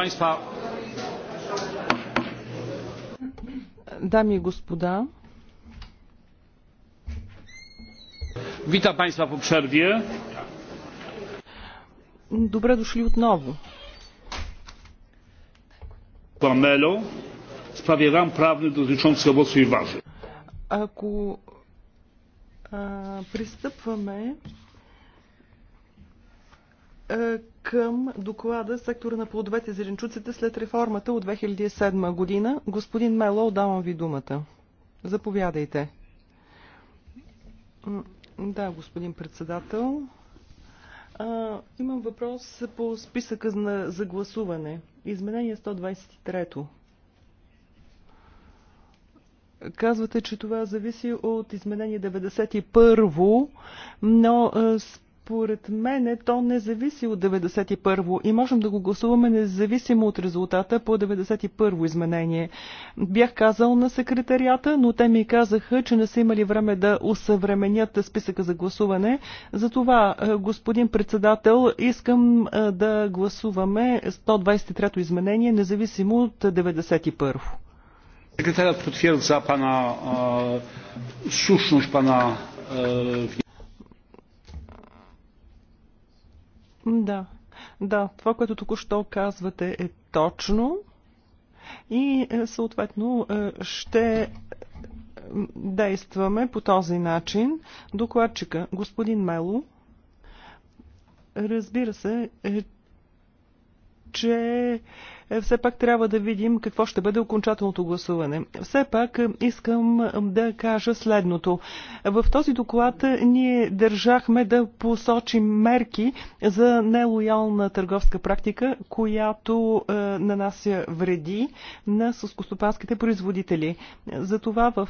Państwa. Witam Państwa po przerwie. Dobre doszli odnowu. Pamelo w sprawie ram prawnych dotyczących owoców i warzyw. Ако а, пристъпваме е, към доклада сектора на плодовете и зеленчуците след реформата от 2007 година. Господин Мело, давам ви думата. Заповядайте. Да, господин председател. А, имам въпрос по списъка на, за гласуване. Изменение 123. Казвате, че това зависи от изменение 91, но а, според мен то не зависи от 91-во и можем да го гласуваме независимо от резултата по 91-во изменение. Бях казал на секретарията, но те ми казаха, че не са имали време да усъвременят списъка за гласуване. Затова, е, господин председател, искам е, да гласуваме 123-то изменение, независимо от 91-во. Секретарят потвърдza pana, słuszność pana Да, да, това, което току-що казвате е точно и е, съответно е, ще е, действаме по този начин. Докладчика, господин Мело, разбира се, че все пак трябва да видим какво ще бъде окончателното гласуване. Все пак е, искам е, да кажа следното. В този доклад е, ние държахме да посочим мерки за нелоялна търговска практика, която нанася вреди на сълскостопанските производители. Затова в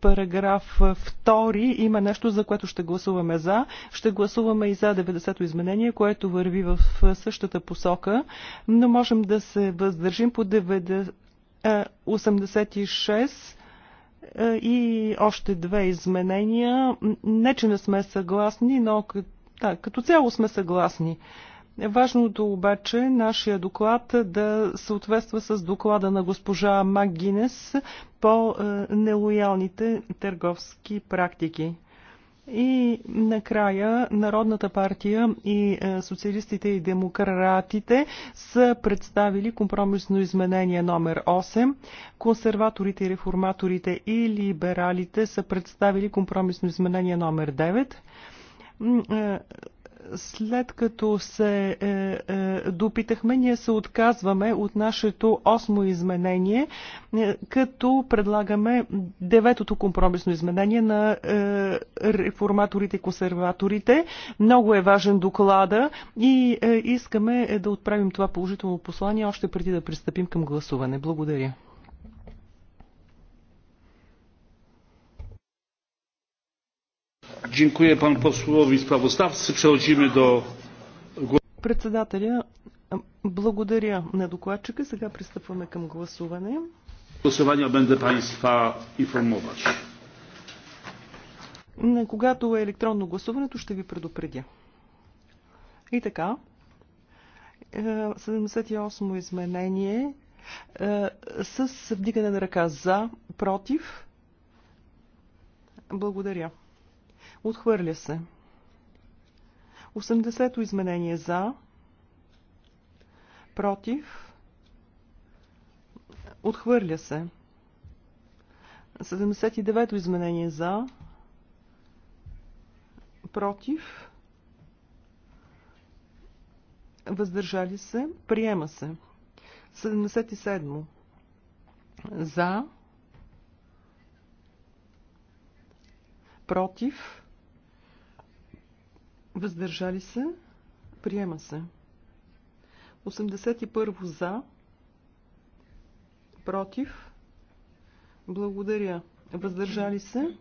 параграф 2 има нещо, за което ще гласуваме за. Ще гласуваме и за 90-то изменение, което върви в същата посока, но можем да се въздържим по 86 и още две изменения. Не, че не сме съгласни, но да, като цяло сме съгласни. Важното обаче е нашия доклад да съответства с доклада на госпожа Макгинес по нелоялните търговски практики. И накрая Народната партия и е, социалистите и демократите са представили компромисно изменение номер 8. Консерваторите и реформаторите и либералите са представили компромисно изменение номер 9 след като се е, е, допитахме, ние се отказваме от нашето осмо изменение, е, като предлагаме деветото компромисно изменение на е, реформаторите и консерваторите. Много е важен доклада и е, искаме е да отправим това положително послание още преди да пристъпим към гласуване. Благодаря. Dziękuję panu posłowi sprawozdawcy. Przechodzimy do Председателя, благодаря на докладчика. Сега пристъпваме към гласуване. Гласувания będę państwa Когато е електронно гласуването, ще ви предупредя. И така, 78-о е, изменение е, с вдигане на ръка за, против. Благодаря. Отхвърля се. 80-то изменение за. Против. Отхвърля се. 79-то изменение за. Против. Въздържали се. Приема се. 77 За. Против. Въздържали се. Приема се. 81 за. Против. Благодаря. Въздържали се.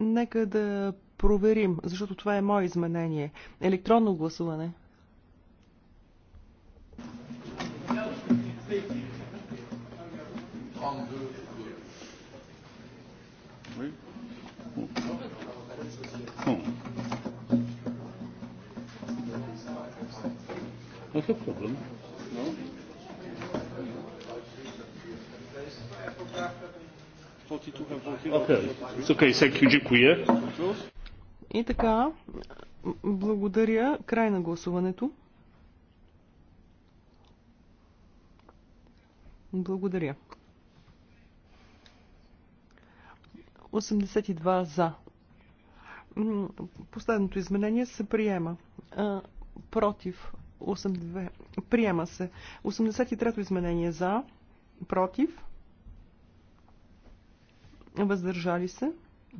Нека да проверим, защото това е мое изменение. Електронно гласуване. 81. not a problem. No? Okay. Okay, thank you. Dziękuję. И така, благодаря. Край на гласуването. Благодаря. 82 за. Последното изменение се приема. против 82. Приема се. 83-то изменение за. Против. Въздържали се.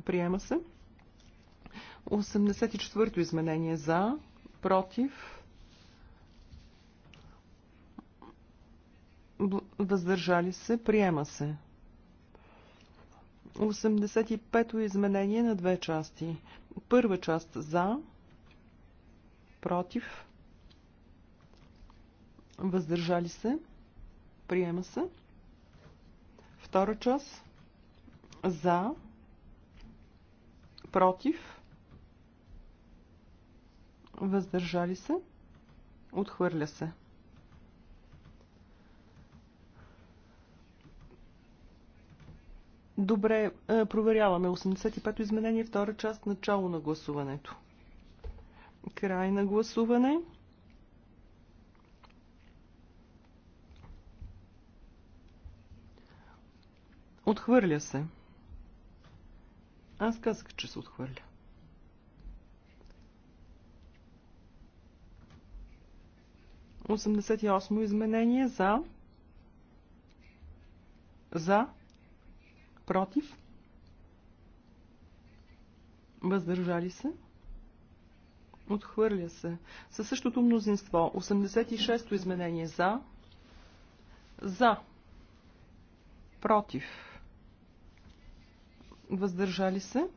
Приема се. 84-то изменение за. Против. Въздържали се. Приема се. 85-то изменение на две части. Първа част за. Против Въздържали се. Приема се. Втора част. За. Против. Въздържали се. Отхвърля се. Добре, е, проверяваме 85-то изменение, втора част, начало на гласуването. Край на гласуване. Отхвърля се. Аз казах, че се отхвърля. Осемдесет и осмо изменение за... За... Против... Въздържали се. Отхвърля се. Със същото мнозинство. 86-то изменение за. За. Против въздържали се.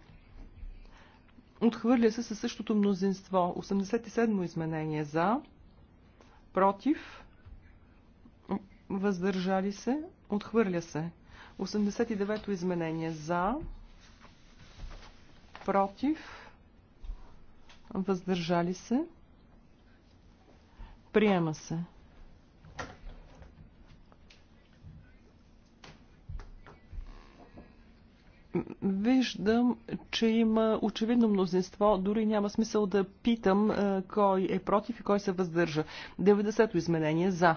Отхвърля се със същото мнозинство. 87 изменение за, против, въздържали се, отхвърля се. 89 изменение за, против, въздържали се, приема се. виждам, че има очевидно мнозинство. Дори няма смисъл да питам е, кой е против и кой се въздържа. 90-то изменение за.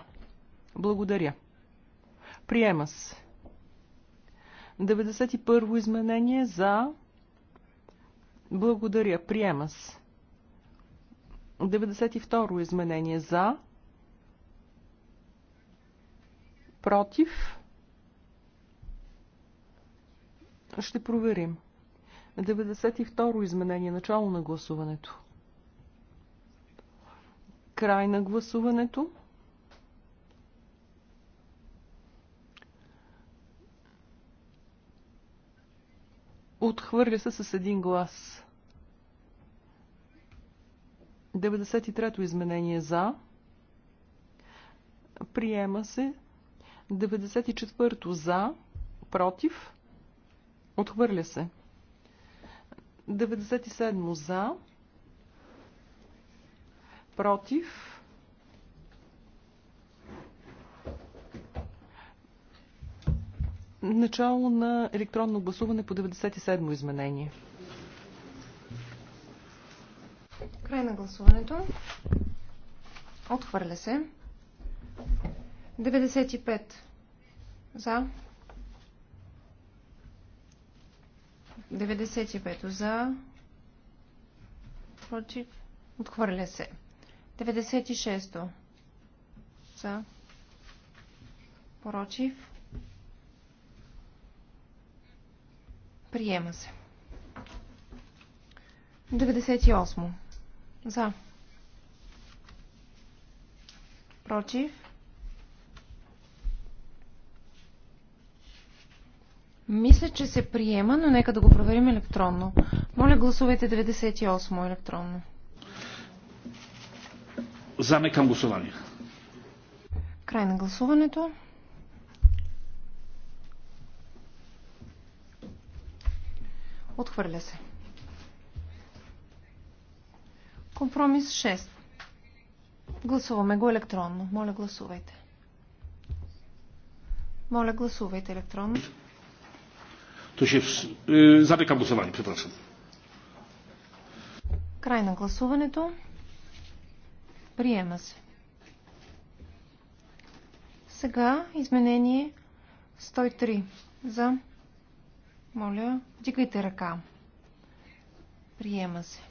Благодаря. Приема се. 91-во изменение за. Благодаря. Приема се. 92-ро изменение за. Против. Ще проверим. 92 изменение. Начало на гласуването. Край на гласуването. Отхвърля се с един глас. 93-то изменение за. Приема се. 94-то за. Против. Отхвърля се. 97 за. Против. Начало на електронно гласуване по 97 изменение. Край на гласуването. Отхвърля се. 95 за. 95 за. Против. Отхвърля се. 96 за. Против. Приема се. 98 за. Против. Мисля, че се приема, но нека да го проверим електронно. Моля, гласувайте 98 електронно. Замекам гласуване. Край на гласуването. Отхвърля се. Компромис 6. Гласуваме го електронно. Моля, гласувайте. Моля, гласувайте електронно. Kto się... Zamykam głosowanie, przepraszam. Край на гласуването. Приема се. Сега изменение 103 за. Моля, вдигайте ръка. Приема се.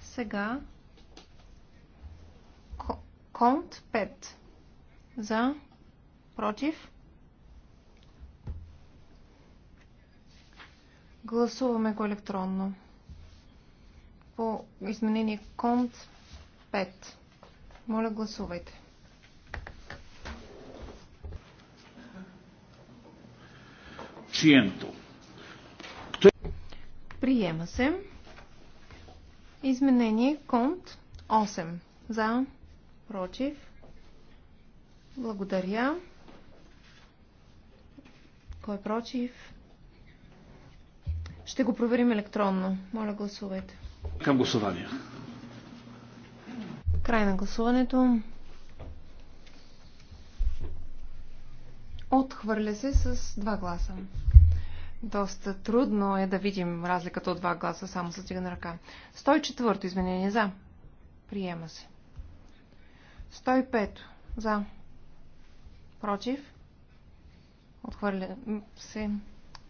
Сега конт 5 за. Против. Гласуваме го електронно. По изменение конт 5. Моля, гласувайте. Чиенто. Е? Приема се. Изменение конт 8. За. Против. Благодаря. Кой е против? Ще го проверим електронно. Моля, гласувайте. Към гласувания. Край на гласуването. Отхвърля се с два гласа. Доста трудно е да видим разликата от два гласа само с дигана ръка. 104 изменение за. Приема се. 105 за. Против. Отхвърля се.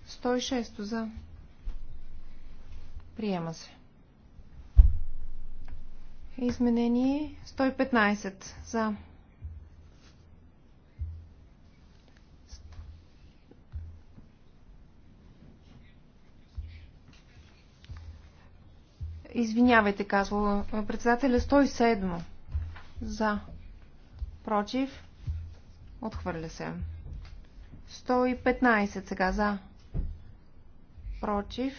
106 за. Приема се. Изменение 115 за. Извинявайте, казва председателя 107 за. Против. Отхвърля се. 115 сега за. Против.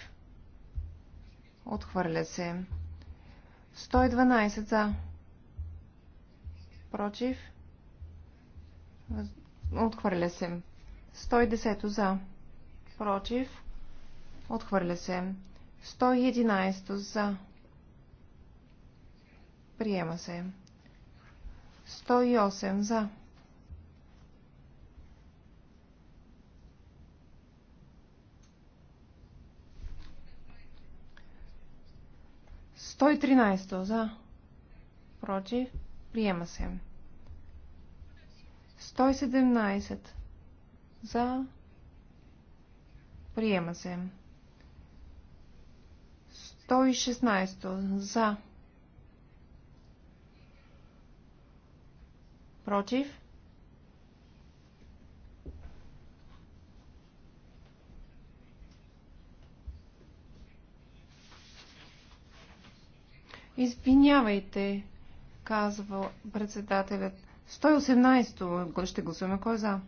Отхвърля се. 112 за. Против. Отхвърля се. 110 за. Против. Отхвърля се. 111 за. Приема се. 108 за. 113 за. Против. Приема се. 117 за. Приема се. 116 за. Против. Извинявайте, казва председателят. 118-то ще гласуваме. Кой е за?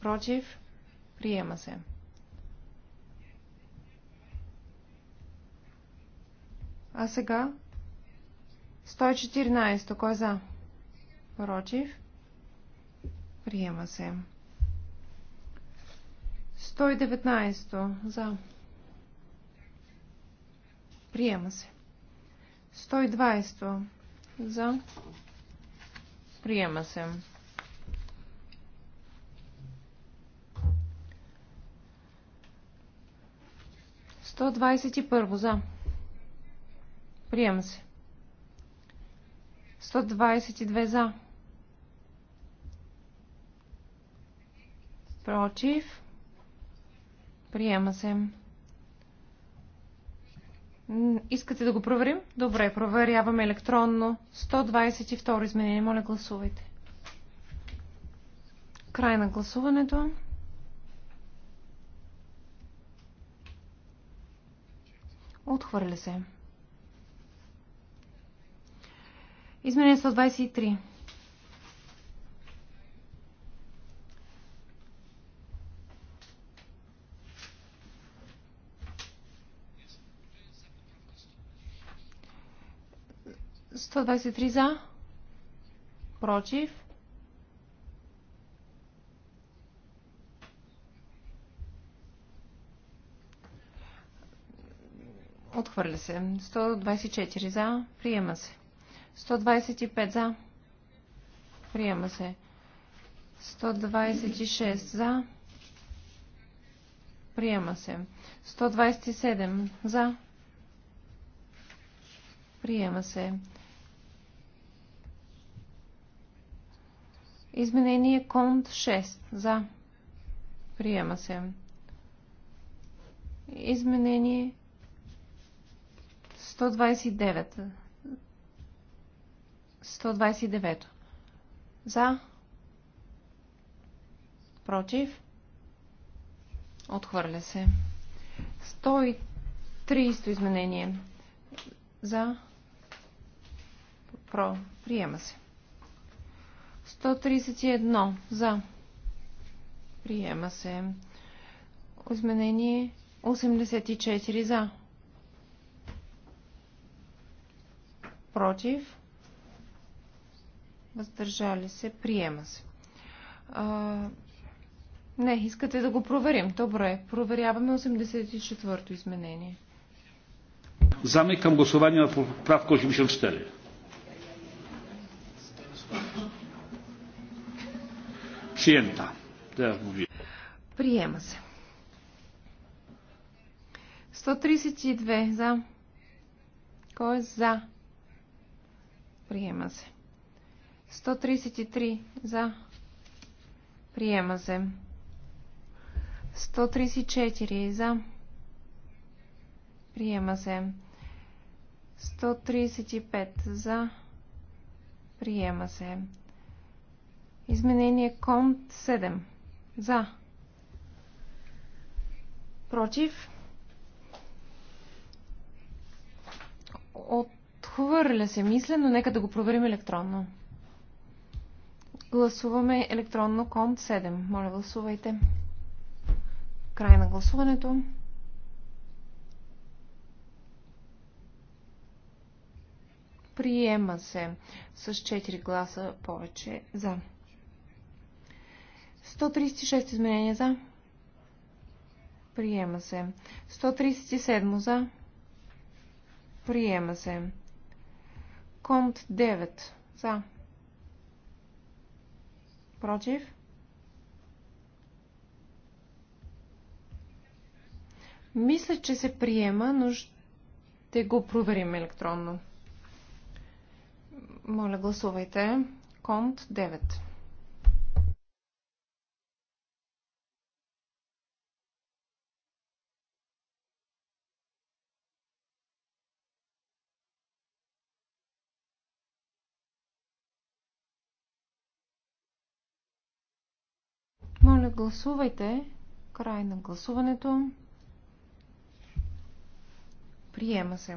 Против? Приема се. А сега? 114. Кой е за? Против? Приема се. 119. то За. Приема се. 120 за. Приема се. Сто двадесет и първо за. Приема се. 122 за. Против. Приема се. Искате да го проверим? Добре, проверяваме електронно. 122 изменение. Моля, гласувайте. Край на гласуването. Отхвърля се. Изменение 123. 123 за. Против. Отхвърля се. 124 за. Приема се. 125 за. Приема се. 126 за. Приема се. 127 за. Приема се. Изменение конт 6. За. Приема се. Изменение 129. 129. За. Против. Отхвърля се. 130 изменение. За. Про. Приема се. 131 за. Приема се. Изменение 84 за. Против. Въздържали се. Приема се. А, не, искате да го проверим. Добре, проверяваме 84-то изменение. Замикам гласование на поправка 84. Приема се. 132 за. Кой е за? Приема се. 133 за. Приема се. 134 за. Приема се. 135 за. Приема се. Изменение Конт 7. За. Против. Отхвърля се мисля, но нека да го проверим електронно. Гласуваме електронно Конт 7. Моля, гласувайте. Край на гласуването. Приема се с 4 гласа повече за. 136 изменения за. Приема се. 137 за. Приема се. Комт 9 за. Против. Мисля, че се приема, но ще го проверим електронно. Моля, гласувайте. Конт 9. Моля, гласувайте. Край на гласуването. Приема се.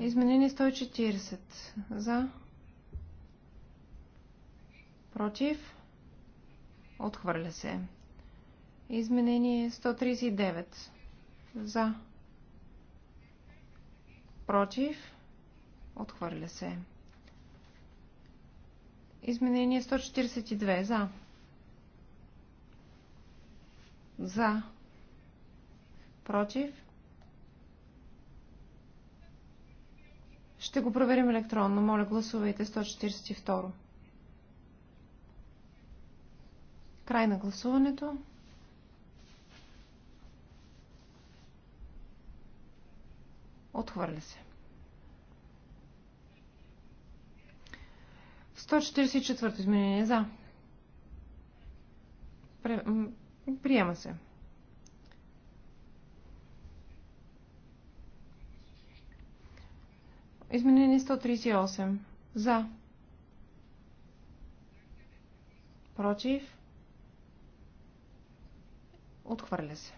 Изменение 140. За. Против. Отхвърля се. Изменение 139. За. Против. Отхвърля се. Изменение 142. За. За. Против. Ще го проверим електронно. Моля, гласувайте 142. Край на гласуването. Отхвърля се. 144 изменение за. Приема се. Изменение 138. За. Против. Отхвърля се.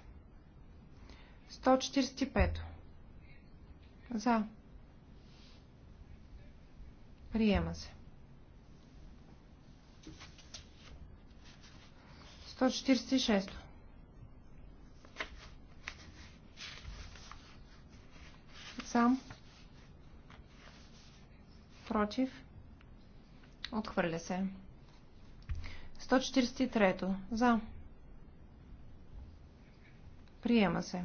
145. За. Приема се. 146. За. Против. Отхвърля се. 143. За. Приема се.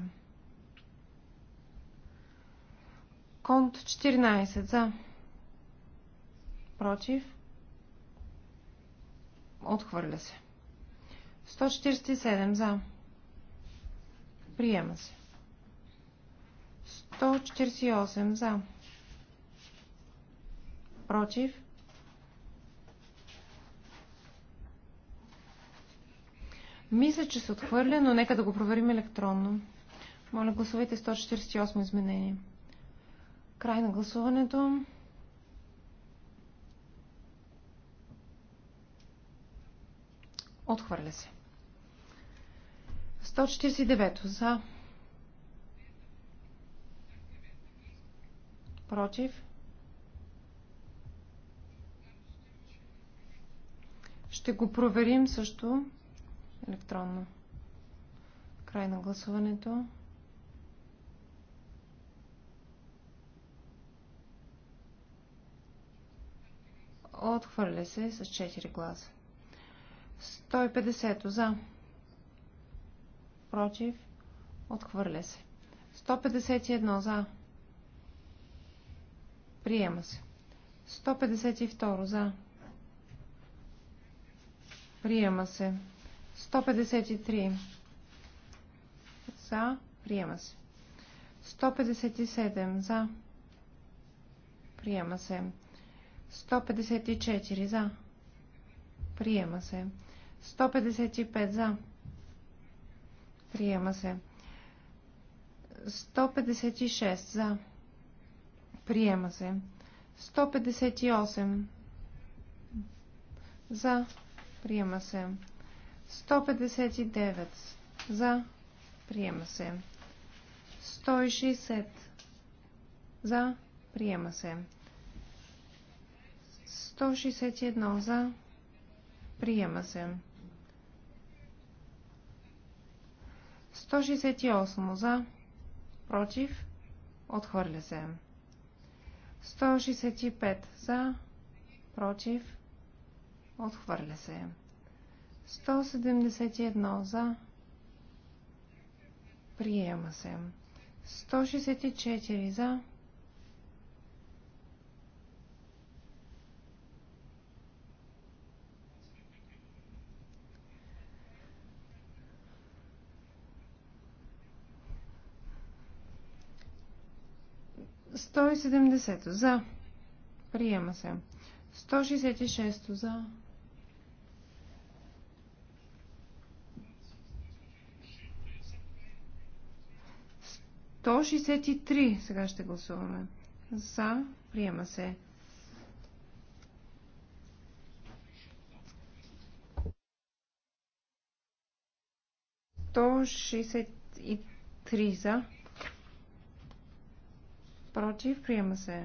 Конт 14. За. Против. Отхвърля се. 147 за. Приема се. 148 за. Против. Мисля, че се отхвърля, но нека да го проверим електронно. Моля, гласувайте 148 изменения. Край на гласуването. Отхвърля се. 149 за. Против. Ще го проверим също електронно. Край на гласуването. Отхвърля се с 4 гласа. 150 за. Против. Отхвърля се. 151 за. Приема се. 152 за. Приема се. 153 за. Приема се. 157 за. Приема се. 154 за. Приема се. 155 за. Приема се. 156 за. Приема се. 158 за. Приема се. 159 за. Приема се. 160 за. Приема се. 161 за. Приема се. 168 за, против, отхвърля се. 165 за, против, отхвърля се. 171 за, приема се. 164 за, 170 за. Приема се. 166 за. То 63 сега ще гласуваме. За. Приема се. То 63 за. Против. Приема се.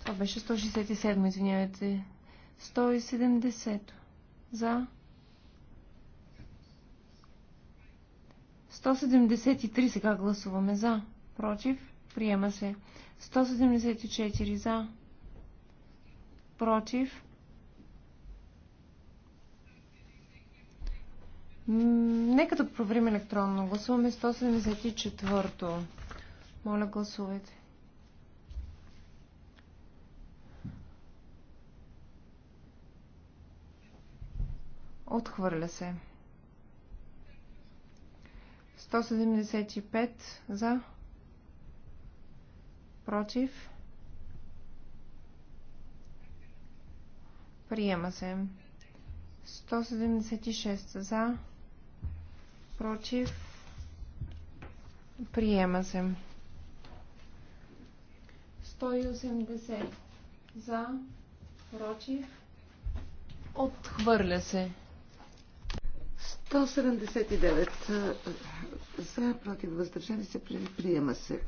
Това беше 167, извинявайте. 170. За. 173 сега гласуваме за. Против. Приема се. 174 за. Против. Нека да проверим електронно. Гласуваме 174-то. Моля, гласувайте. Отхвърля се. 175 за. Против. Приема се. 176 за против, приема се. 180 за, против, отхвърля се. 179 за, против, въздържали се, приема се.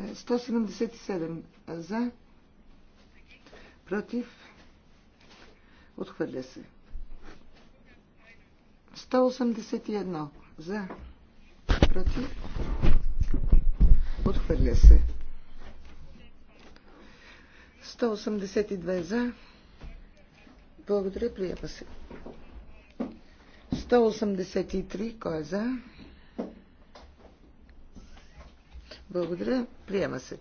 177 е, за, против, отхвърля се. 181 за. Против. Отхвърля се. 182 за. Благодаря, приема се. 183, кой е за? Благодаря, приема се.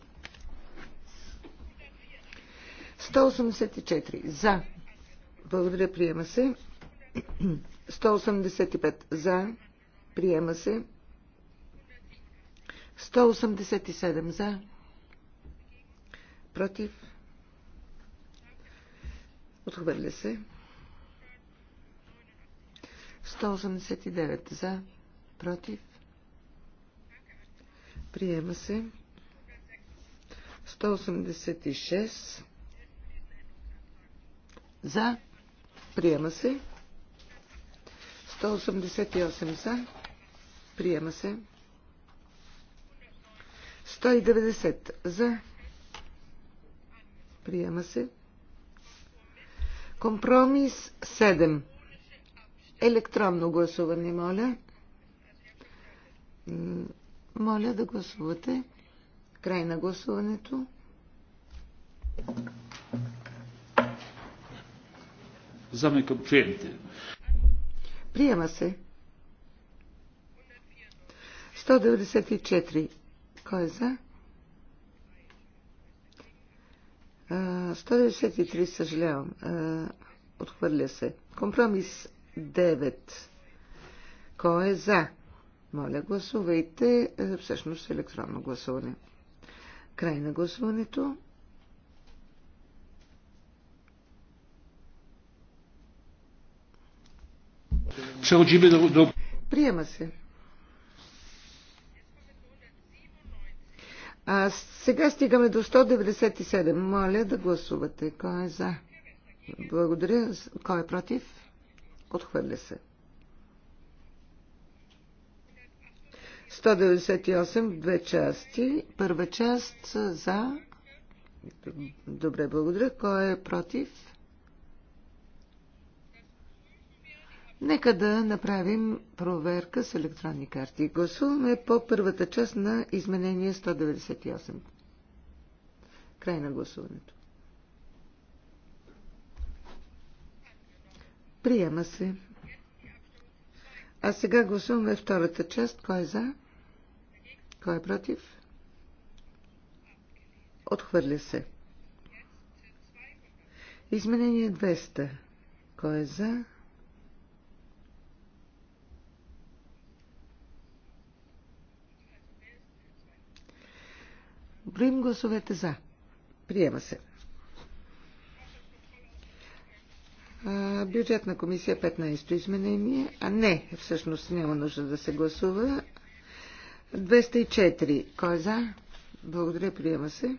184, за. Благодаря, приема се. 185 за. Приема се. 187 за. Против. Отхвърля се. 189 за. Против. Приема се. 186 за. Приема се. 188 за. Приема се. 190 за. Приема се. Компромис 7. Електронно гласуване, моля. Моля да гласувате. Край на гласуването. Замикам приемте. Приема се. 194. Кой е за? 193, съжалявам. Отхвърля се. Компромис 9. Кой е за? Моля, гласувайте. Всъщност електронно гласуване. Край на гласуването. Przechodzimy do, do... Приема се. А сега стигаме до 197. Моля да гласувате. Кой е за? Благодаря. Кой е против? Отхвърля се. 198 две части. Първа част за. Добре, благодаря. Кой е против? Нека да направим проверка с електронни карти. Гласуваме по първата част на изменение 198. Край на гласуването. Приема се. А сега гласуваме втората част. Кой е за? Кой е против? Отхвърля се. Изменение 200. Кой е за? Броим гласовете за. Приема се. А, бюджетна комисия 15-то изменение. А не, всъщност няма нужда да се гласува. 204. Кой е за? Благодаря, приема се.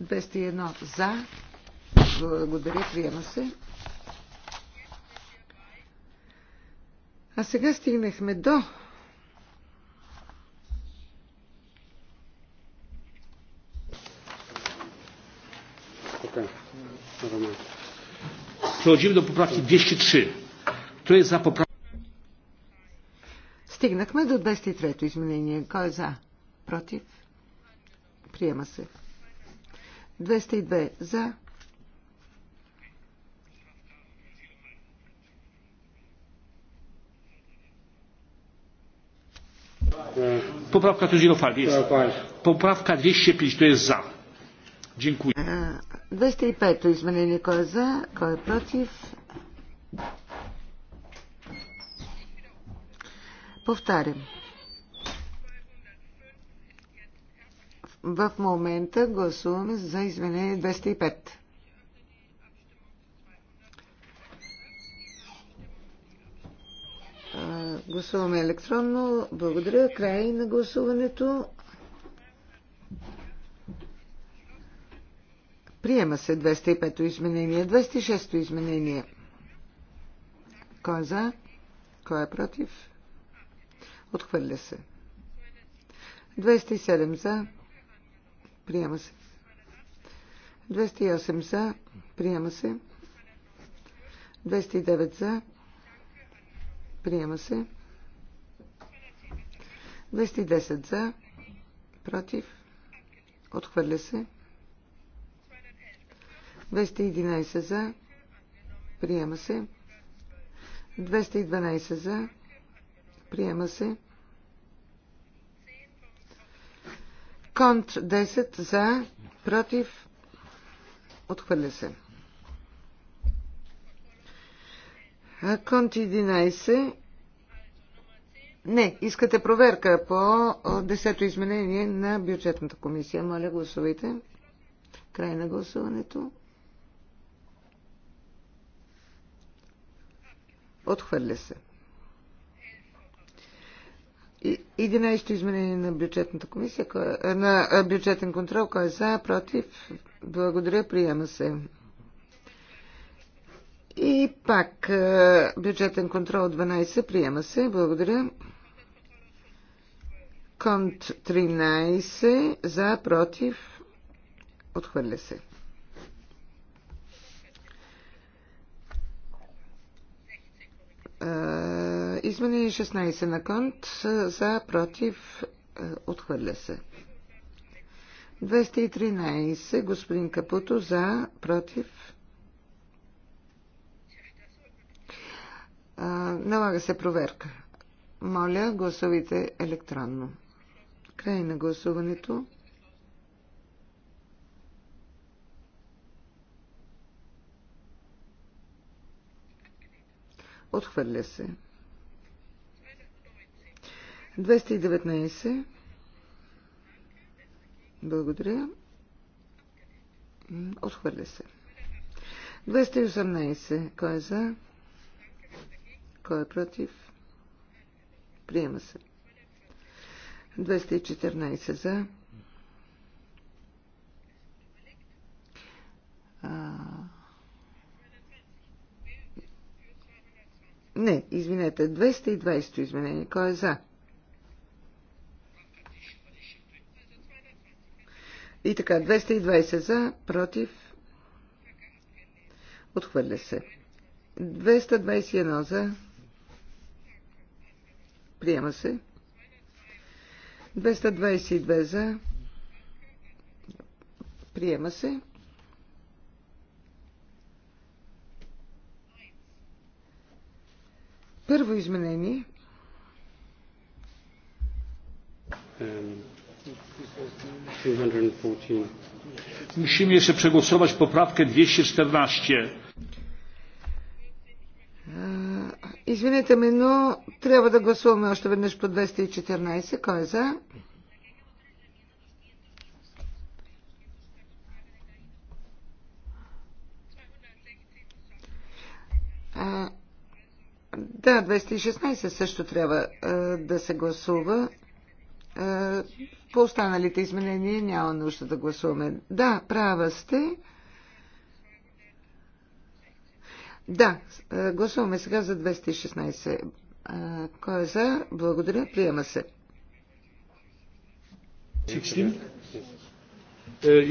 201 за. Благодаря, приема се. А сега стигнахме до Przechodzimy do poprawki 203. Kto jest za poprawką? Стигнахме до 203-то изменение. Кой е за? Против? Приема се. 202 за. Poprawka to jest. Poprawka 205 to jest za. Дякую. 205-то изменение. Кой е за? Кой е против? Повтарям. В момента гласуваме за изменение 205. Гласуваме електронно. Благодаря. Край на гласуването. Приема се 205-то изменение. 206-то изменение. Кой е за? Кой е против? Отхвърля се. 207 за. Приема се. 208 за. Приема се. 209 за. Приема се. 210 за. Против. Отхвърля се. 211 за. Приема се. 212 за. Приема се. Конт 10 за. Против. Отхвърля се. Конт 11. Не, искате проверка по 10-то изменение на бюджетната комисия. Моля, гласувайте. Край на гласуването. Отхвърля се. 11 изменение на бюджетната комисия, е, на бюджетен контрол, кой е за, против, благодаря, приема се. И пак бюджетен контрол 12, приема се, благодаря. Конт 13, за, против, отхвърля се. Е, Изменени 16 на Конт. Е, за, против, е, отхвърля се. 213. Господин Капуто. За, против. Налага се проверка. Моля, гласувайте електронно. Край на гласуването. Отхвърля се. 219. Благодаря. Отхвърля се. 218. Кой е за? Кой е против? Приема се. 214 за. Не, извинете, 220 изменение. Кой е за? И така, 220 за, против. Отхвърля се. 221 за. Приема се. 222 за. Приема се. Първо изменение. Musimy jeszcze przegłosować poprawkę 214. Е, извинете ме, но трябва да гласуваме още веднъж по 214. Кой е за? Да, 216 също трябва а, да се гласува. А, по останалите изменения няма нужда да гласуваме. Да, права сте. Да, а, гласуваме сега за 216. А, кой е за? Благодаря. Приема се. 16?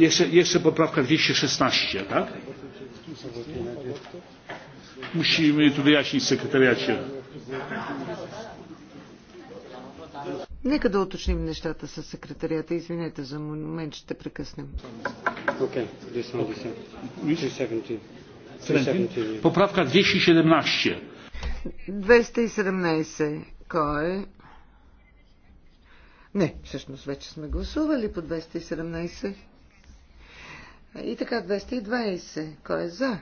Jeszcze, jeszcze poprawka 216, tak? Musimy to wyjaśnić sekretariacie. Нека да уточним нещата с секретарията. Извинете, за момент ще прекъснем. Uh, Поправка 217. 217. Кой е? Не, всъщност вече сме гласували по 217. И така 220. Кой е за?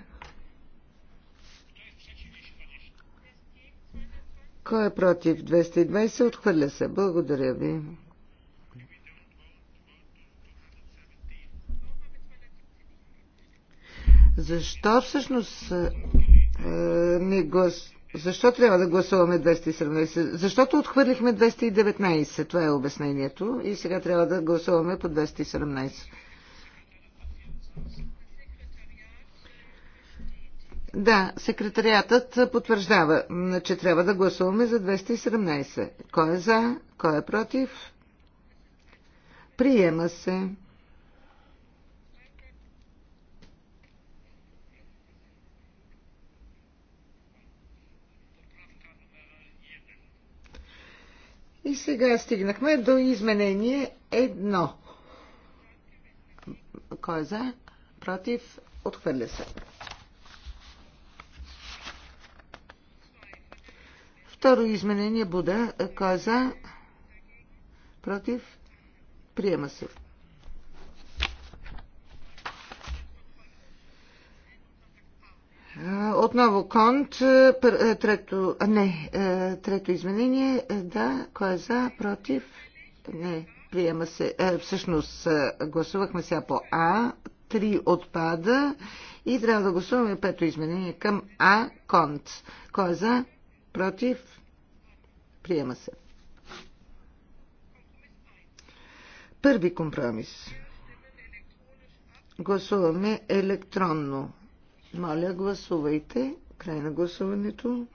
Кой е против? 220. Отхвърля се. Благодаря ви. Защо всъщност е, не глас... Защо трябва да гласуваме 217? Защото отхвърлихме 219. Това е обяснението. И сега трябва да гласуваме по 217. Да, секретариатът потвърждава, че трябва да гласуваме за 217. Кой е за? Кой е против? Приема се. И сега стигнахме до изменение едно. Кой е за? Против? Отхвърля се. Второ изменение Буда. Кой е за? Против? Приема се. Отново конт. Трето, не, трето изменение. Да, кой е за? Против? Не, приема се. Всъщност гласувахме сега по А. Три отпада и трябва да гласуваме пето изменение към А. Конт. Кой е за? Против. Приема се. Първи компромис. Гласуваме електронно. Моля, гласувайте. Край на гласуването.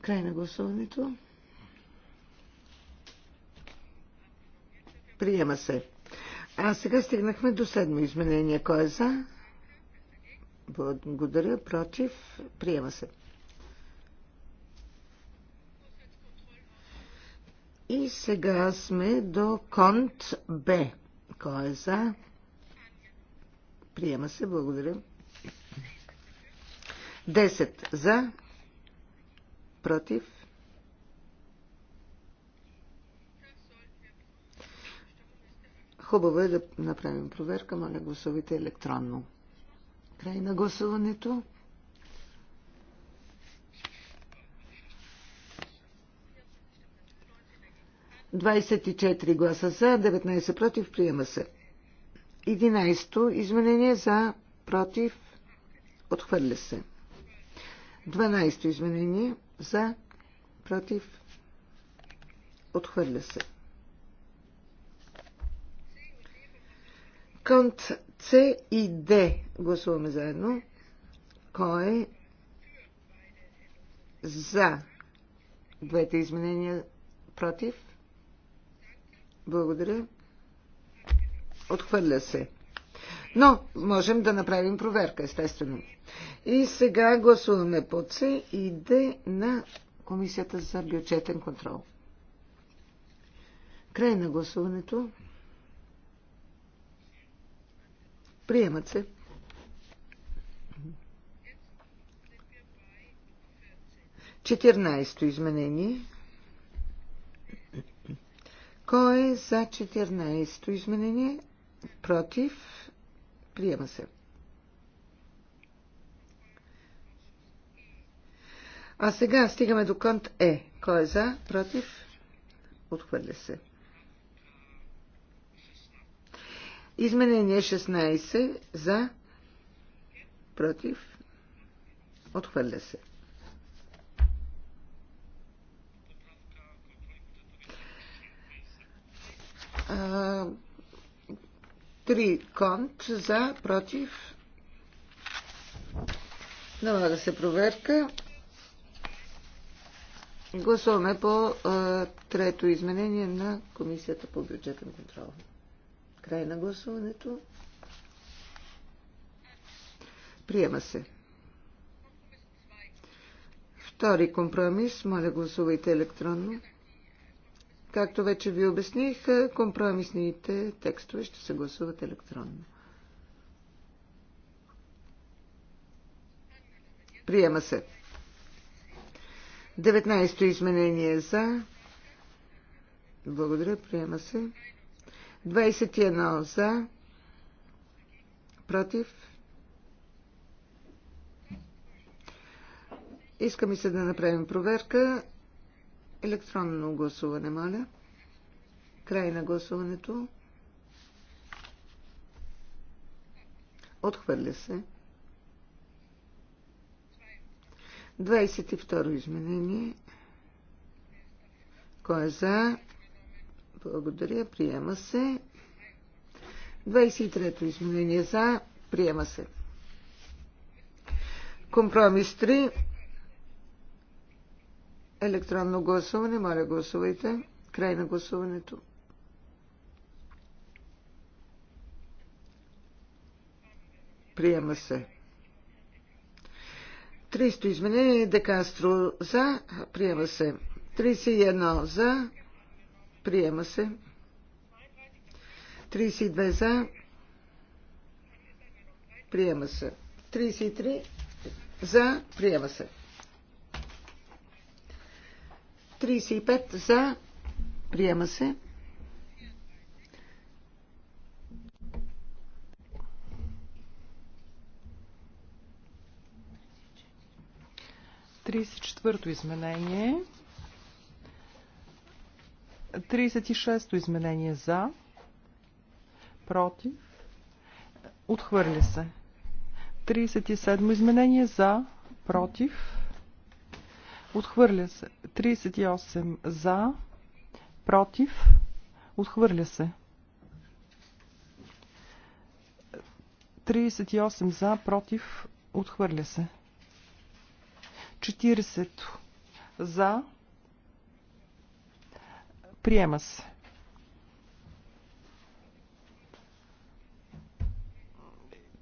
Край на гласуването. Приема се. А сега стигнахме до седмо изменение. Кой е за? Благодаря. Против. Приема се. И сега сме до конт Б. Кой е за? Приема се. Благодаря. 10 за. Против. Хубаво е да направим проверка. Моля, гласувайте електронно. Край на гласуването. Двадесет и четири гласа за, 19 против, приема се. 11 изменение за, против, отхвърля се. 12 изменение за, против, отхвърля се. Кант С и Д гласуваме заедно. Кой е за двете изменения против? Благодаря. Отхвърля се. Но можем да направим проверка, естествено. И сега гласуваме по С и Д на Комисията за бюджетен контрол. Край на гласуването. Приемат се. Четирнайсто изменение. Кой е за 14-то изменение? Против? Приема се. А сега стигаме до конт Е. Кой е за? Против? Отхвърля се. Изменение 16 за, против, отхвърля се. три конт за, против. Налага се проверка. Гласуваме по а, трето изменение на Комисията по бюджетен контрол. Край на гласуването. Приема се. Втори компромис. Моля, гласувайте електронно. Както вече ви обясних, компромисните текстове ще се гласуват електронно. Приема се. 19-то изменение за. Благодаря, приема се. 21 за, против. Искаме се да направим проверка. Електронно гласуване, моля. Край на гласуването. Отхвърля се. 22 изменение. Кой е за? Благодаря. Приема се. 23-то изменение за. Приема се. Компромис 3. Електронно гласуване. Моля, гласувайте. Край на гласуването. Приема се. 300 изменение Декастро за. Приема се. 31 за. Приема се. 32 за. Приема се. 33 за. Приема се. 35 за. Приема се. 34-то изменение. 36-то изменение за, против, отхвърля се. 37-то изменение за, против, отхвърля се. 38 за, против, отхвърля се. 38 за, против, отхвърля се. 40 за, Приема се.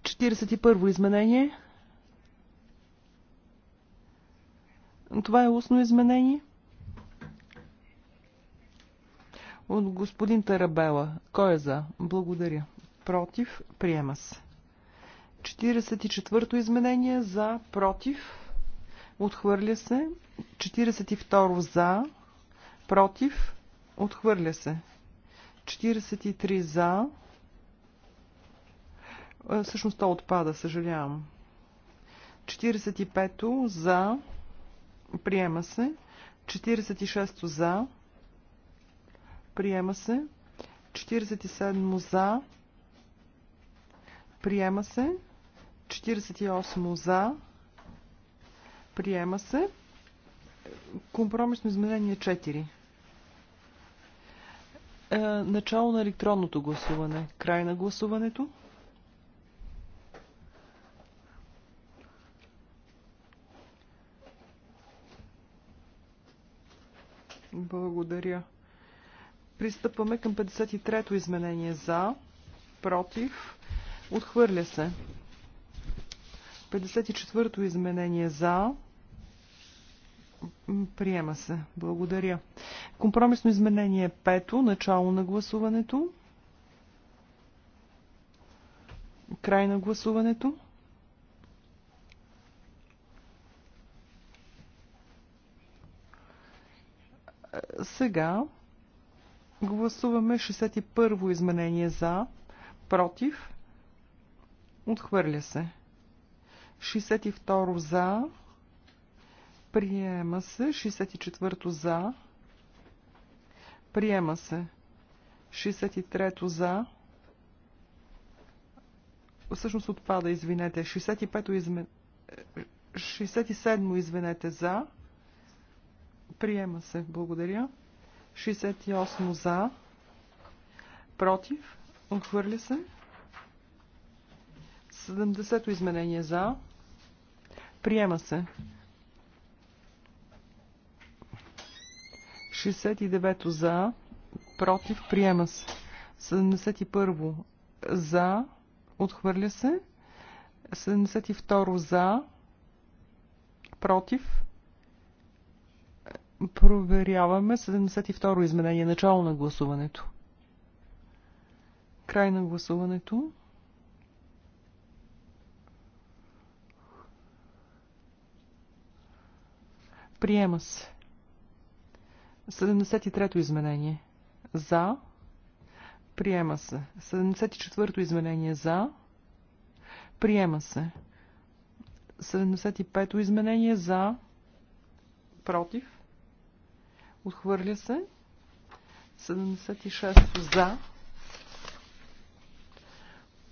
Четиридесет и първо изменение. Това е устно изменение. От господин Тарабела. Кой е за? Благодаря. Против. Приема се. 44 четвърто изменение за против. Отхвърля се. 42 за против. Отхвърля се. 43 за. Е, всъщност то отпада, съжалявам. 45-то за. Приема се. 46-то за. Приема се. 47 за. Приема се. 48 за. Приема се. Компромисно изменение 4. Е, начало на електронното гласуване. Край на гласуването. Благодаря. Пристъпваме към 53-то изменение за, против, отхвърля се. 54-то изменение за, Приема се. Благодаря. Компромисно изменение 5. Начало на гласуването. Край на гласуването. Сега гласуваме 61-во изменение за, против, отхвърля се. 62 за, Приема се. 64-то за. Приема се. 63-то за. Всъщност отпада, извинете. 65-то изме... 67-то извинете за. Приема се. Благодаря. 68 за. Против. Отхвърля се. 70-то изменение за. Приема се. 69 за, против, приема се. 71 за, отхвърля се. 72 за, против. Проверяваме 72 изменение, начало на гласуването. Край на гласуването. Приема се. 73-то изменение. За. Приема се. 74-то изменение. За. Приема се. 75-то изменение. За. Против. Отхвърля се. 76-то за.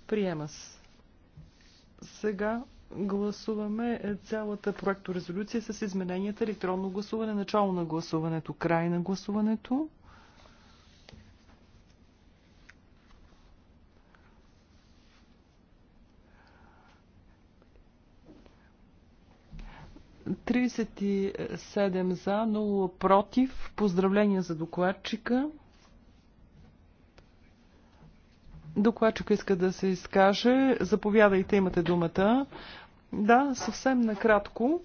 Приема се. Сега Гласуваме цялата проекторезолюция с измененията електронно гласуване, начало на гласуването, край на гласуването. Тридесет и седем за, 0 против. Поздравления за докладчика. Докладчик иска да се изкаже. Заповядайте, имате думата. Да, съвсем накратко.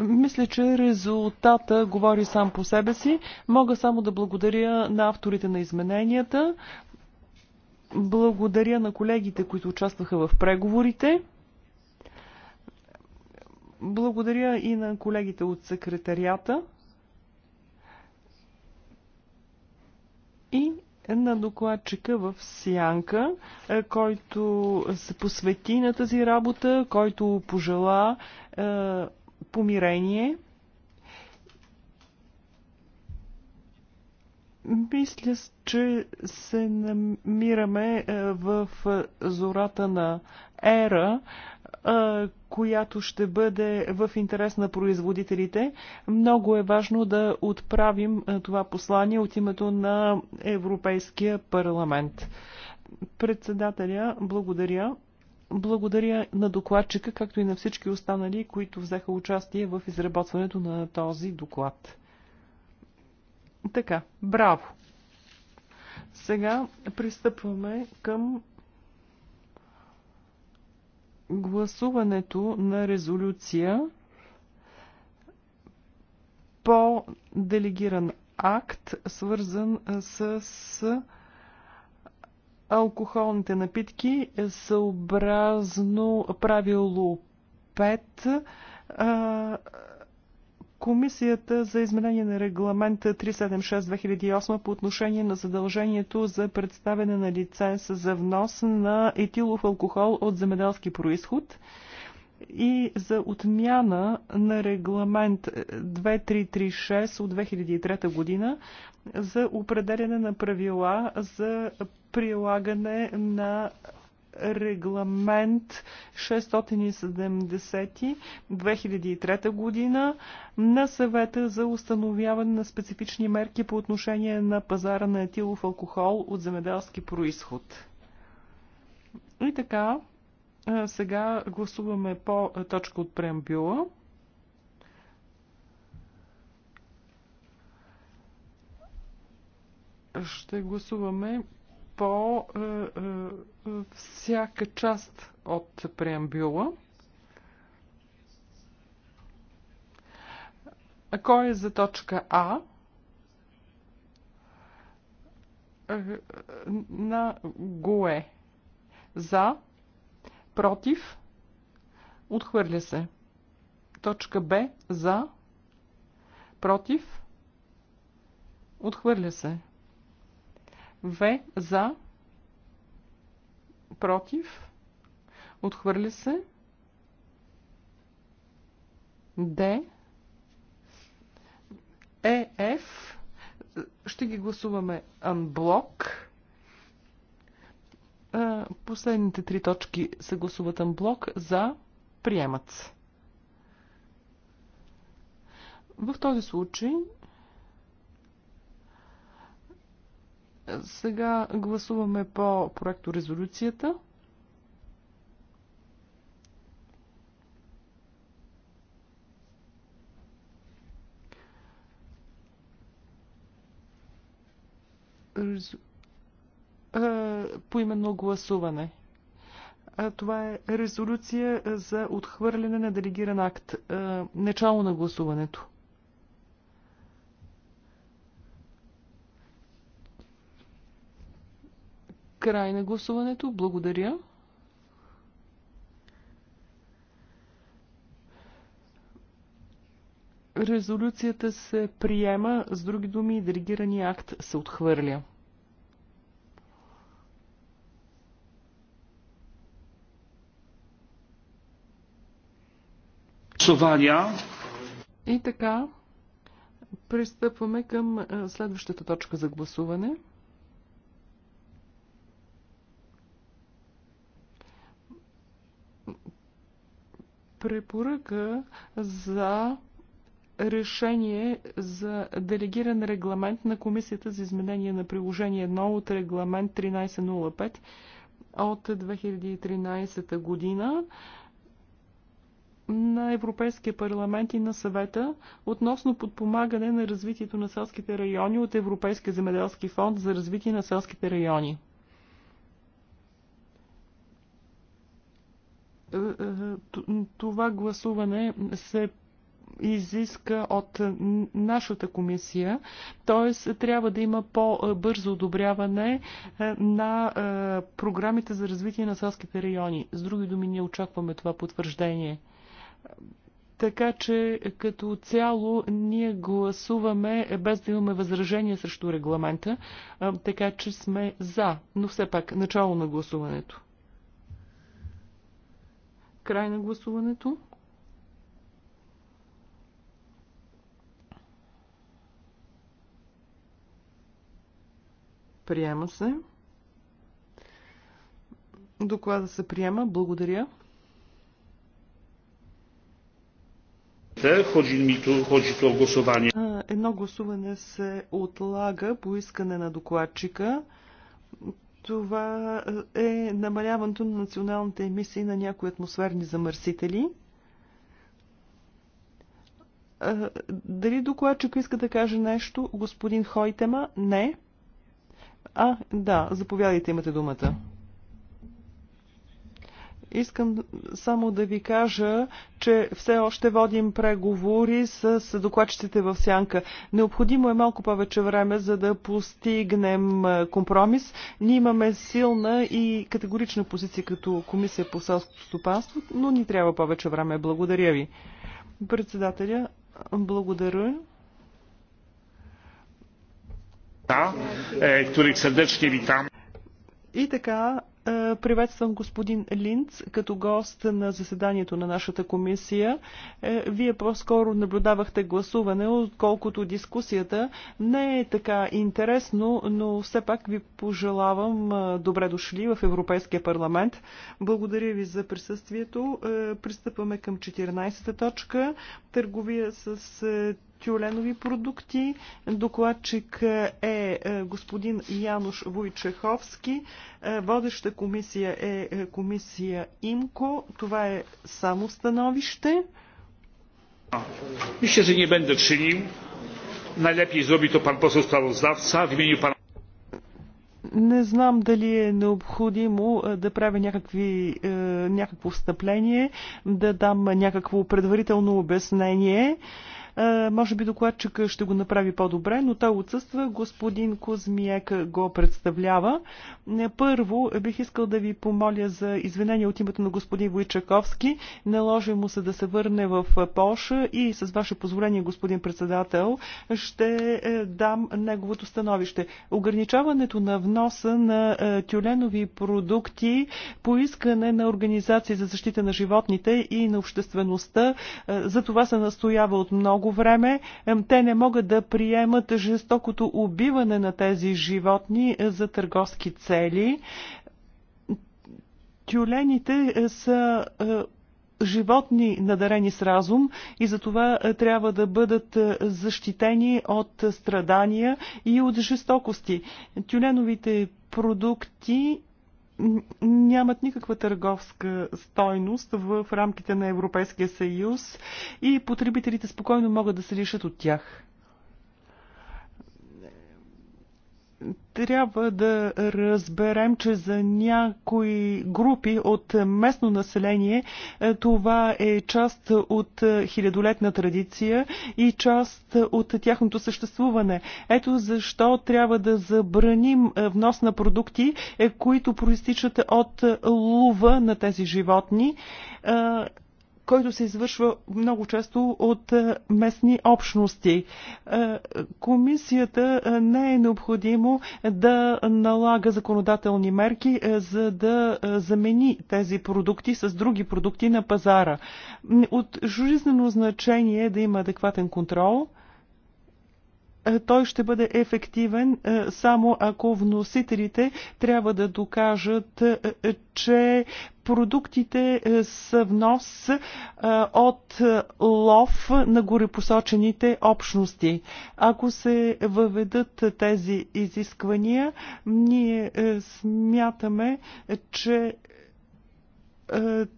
Мисля, че резултата говори сам по себе си. Мога само да благодаря на авторите на измененията. Благодаря на колегите, които участваха в преговорите. Благодаря и на колегите от секретарията. и на докладчика в Сянка, е, който се посвети на тази работа, който пожела е, помирение Мисля, че се намираме е, в е, зората на ера, е, която ще бъде в интерес на производителите. Много е важно да отправим това послание от името на Европейския парламент. Председателя, благодаря. Благодаря на докладчика, както и на всички останали, които взеха участие в изработването на този доклад. Така, браво! Сега пристъпваме към гласуването на резолюция по делегиран акт, свързан с алкохолните напитки, съобразно правило 5 Комисията за изменение на регламент 376-2008 по отношение на задължението за представяне на лиценз за внос на етилов алкохол от земеделски происход и за отмяна на регламент 2336 от 2003 година за определяне на правила за прилагане на регламент 670-2003 година на съвета за установяване на специфични мерки по отношение на пазара на етилов алкохол от земеделски происход. И така, сега гласуваме по точка от преамбюла. Ще гласуваме по е, е, всяка част от преамбюла. кой е за точка А? Е, на ГОЕ. За, против, отхвърля се. Точка Б. За, против, отхвърля се. В за, против, отхвърли се. Д. Е, Ф. Ще ги гласуваме анблок. Последните три точки се гласуват анблок за приемат В този случай Сега гласуваме по проекто резолюцията. поименно гласуване. Това е резолюция за отхвърляне на делегиран акт. Начало на гласуването. Край на гласуването. Благодаря. Резолюцията се приема, с други думи, делегирания акт се отхвърля. Гласования. И така, пристъпваме към следващата точка за гласуване. препоръка за решение за делегиран регламент на Комисията за изменение на приложение 1 от регламент 1305 от 2013 година на Европейския парламент и на съвета относно подпомагане на развитието на селските райони от Европейския земеделски фонд за развитие на селските райони. Е, е, това гласуване се изиска от нашата комисия, т.е. трябва да има по-бързо одобряване е, на програмите за развитие на селските райони. С други думи, ние очакваме това потвърждение. Така че като цяло ние гласуваме без да имаме възражение срещу регламента, така че сме за, но все пак начало на гласуването. Край на гласуването. Приема се. Доклада се приема. Благодаря. Едно гласуване се отлага по искане на докладчика това е, е намаляването на националните емисии на някои атмосферни замърсители. Дали докладчик иска да каже нещо? Господин Хойтема? Не. А, да, заповядайте, имате думата. Искам само да ви кажа, че все още водим преговори с докладчиците в Сянка. Необходимо е малко повече време, за да постигнем компромис. Ние имаме силна и категорична позиция като Комисия по селското стопанство, но ни трябва повече време. Благодаря ви. Председателя, благодаря. Да, е, których ви там. И така, е, приветствам господин Линц като гост на заседанието на нашата комисия. Е, вие по-скоро наблюдавахте гласуване, отколкото дискусията. Не е така интересно, но все пак ви пожелавам е, добре дошли в Европейския парламент. Благодаря ви за присъствието. Пристъпваме към 14-та точка. Търговия с тюленови продукти. Докладчик е, е господин Януш Войчеховски. Е, водеща комисия е, е комисия ИМКО. Това е само становище. Мисля, че не чиним. Най-лепи изроби то пан посол sprawozdawca В имени pana. Не знам дали е необходимо да правя някакви, някакво встъпление, да дам някакво предварително обяснение. Е, може би докладчика ще го направи по-добре, но той отсъства. Господин Кузмиек го представлява. Е, първо, бих искал да ви помоля за извинение от името на господин Войчаковски. Наложи му се да се върне в Польша и с ваше позволение, господин председател, ще е, дам неговото становище. Ограничаването на вноса на тюленови продукти по искане на Организации за защита на животните и на обществеността, за това се настоява от много дълго време. Те не могат да приемат жестокото убиване на тези животни е, за търговски цели. Тюлените е, са е, животни, надарени с разум и за това трябва да бъдат защитени от страдания и от жестокости. Тюленовите продукти нямат никаква търговска стойност в рамките на Европейския съюз и потребителите спокойно могат да се лишат от тях. трябва да разберем, че за някои групи от местно население е, това е част от хилядолетна традиция и част от тяхното съществуване. Ето защо трябва да забраним е, внос на продукти, е, които проистичат от лува на тези животни който се извършва много често от е, местни общности. Е, комисията е, не е необходимо да налага законодателни мерки, за да замени тези продукти с други продукти на пазара. От жизнено значение е да има адекватен контрол – е, той ще бъде ефективен е, само ако вносителите трябва да докажат, е, че продуктите са внос от лов на горепосочените общности. Ако се въведат тези изисквания, ние смятаме, че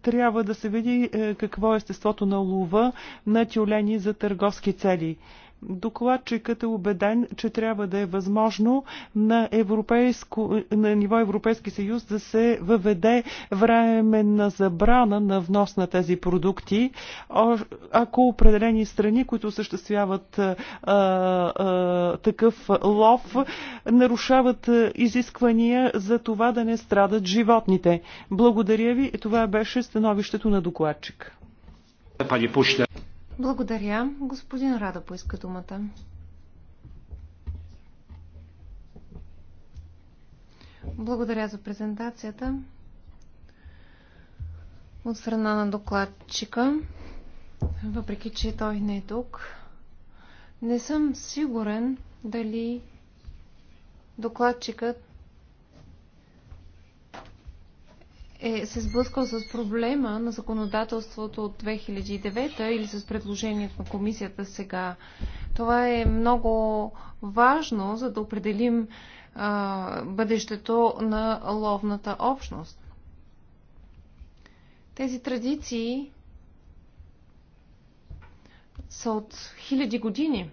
трябва да се види какво е естеството на лова на тюлени за търговски цели. Докладчикът е убеден, че трябва да е възможно на, европейско, на ниво Европейски съюз да се въведе временна забрана на внос на тези продукти, ако определени страни, които осъществяват а, а, такъв лов, нарушават изисквания за това да не страдат животните. Благодаря ви. Това беше становището на докладчик. Пани благодаря. Господин Рада поиска думата. Благодаря за презентацията от страна на докладчика, въпреки че той не е тук. Не съм сигурен дали докладчикът е се сблъскал с проблема на законодателството от 2009 или с предложението на комисията сега. Това е много важно, за да определим а, бъдещето на ловната общност. Тези традиции са от хиляди години.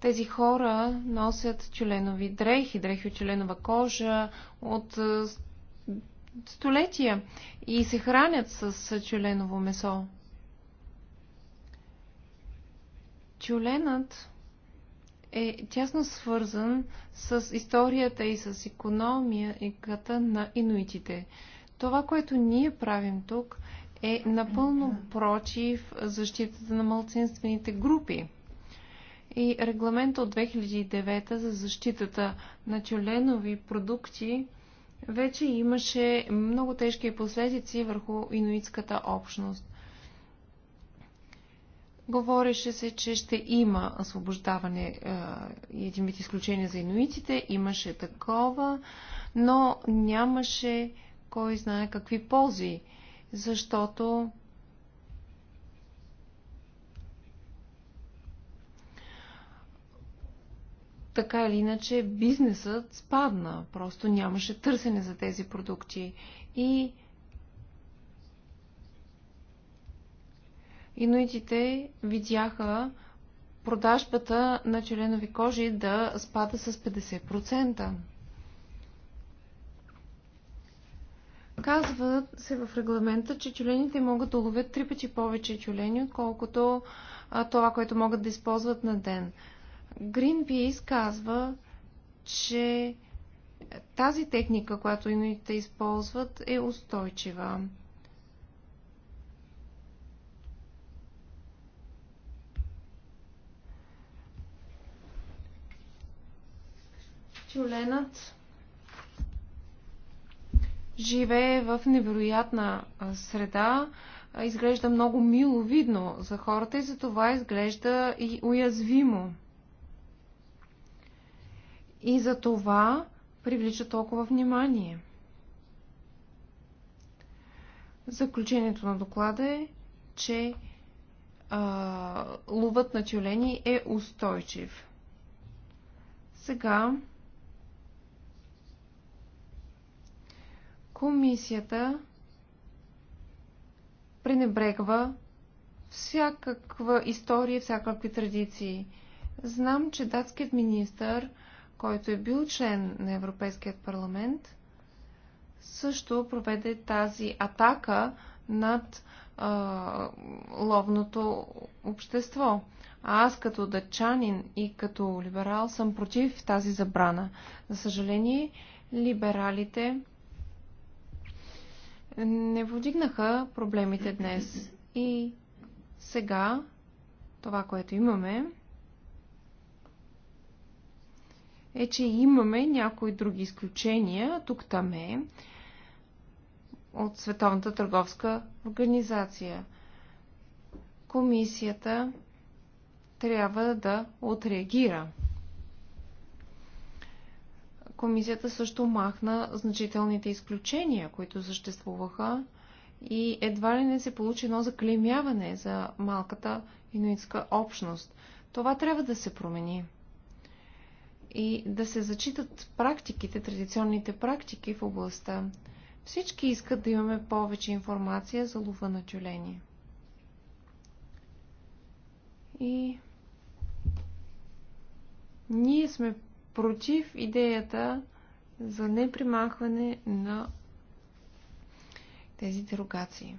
Тези хора носят тюленови дрехи, дрехи от тюленова кожа, от столетия и се хранят с чуленово месо. Чуленът е тясно свързан с историята и с економията на инуитите. Това, което ние правим тук, е напълно против защитата на малцинствените групи. И регламента от 2009 за защитата на чуленови продукти вече имаше много тежки последици върху инуитската общност. Говореше се, че ще има освобождаване и е, един вид изключение за инуитите. Имаше такова, но нямаше кой знае какви ползи, защото така или иначе бизнесът спадна. Просто нямаше търсене за тези продукти. И инуитите видяха продажбата на челенови кожи да спада с 50%. Казва се в регламента, че тюлените могат да ловят три пъти повече тюлени, отколкото това, което могат да използват на ден. Greenpeace казва, че тази техника, която инуитите използват, е устойчива. Тюленът живее в невероятна среда, изглежда много миловидно за хората и затова изглежда и уязвимо и за това привлича толкова внимание. Заключението на доклада е, че а, ловът на тюлени е устойчив. Сега комисията пренебрегва всякаква история, всякакви традиции. Знам, че датският министър – който е бил член на Европейският парламент, също проведе тази атака над а, ловното общество. А аз като дъчанин и като либерал съм против тази забрана. За съжаление, либералите не водигнаха проблемите днес. И сега това, което имаме, е, че имаме някои други изключения, тук там е, от Световната търговска организация. Комисията трябва да отреагира. Комисията също махна значителните изключения, които съществуваха и едва ли не се получи едно заклемяване за малката инуитска общност. Това трябва да се промени и да се зачитат практиките, традиционните практики в областта. Всички искат да имаме повече информация за лова на тюлени. И ние сме против идеята за непримахване на тези дерогации.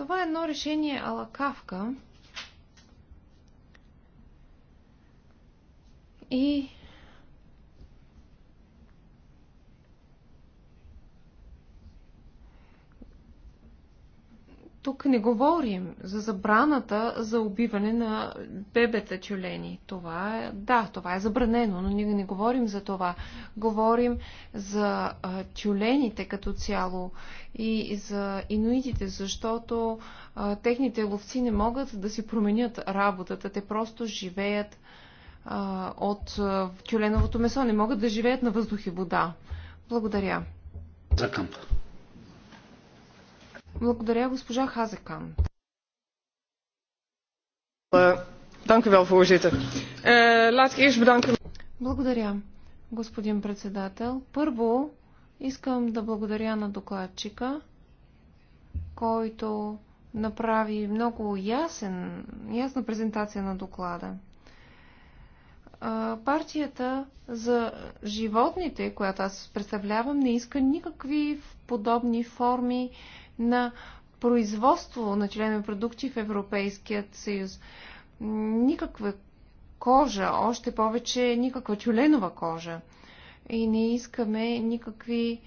Това е едно решение алакавка и Тук не говорим за забраната за убиване на бебета тюлени. Това е, да, това е забранено, но ние не говорим за това. Говорим за а, тюлените като цяло и, и за инуитите, защото а, техните ловци не могат да си променят работата. Те просто живеят а, от а, тюленовото месо, не могат да живеят на въздух и вода. Благодаря. За кампа. Благодаря, госпожа Хазекам. Е, е, благодаря, господин председател. Първо, искам да благодаря на докладчика, който направи много ясен, ясна презентация на доклада. Е, партията за животните, която аз представлявам, не иска никакви подобни форми на производство на членови продукти в Европейският съюз. Никаква кожа, още повече никаква тюленова кожа. И не искаме никакви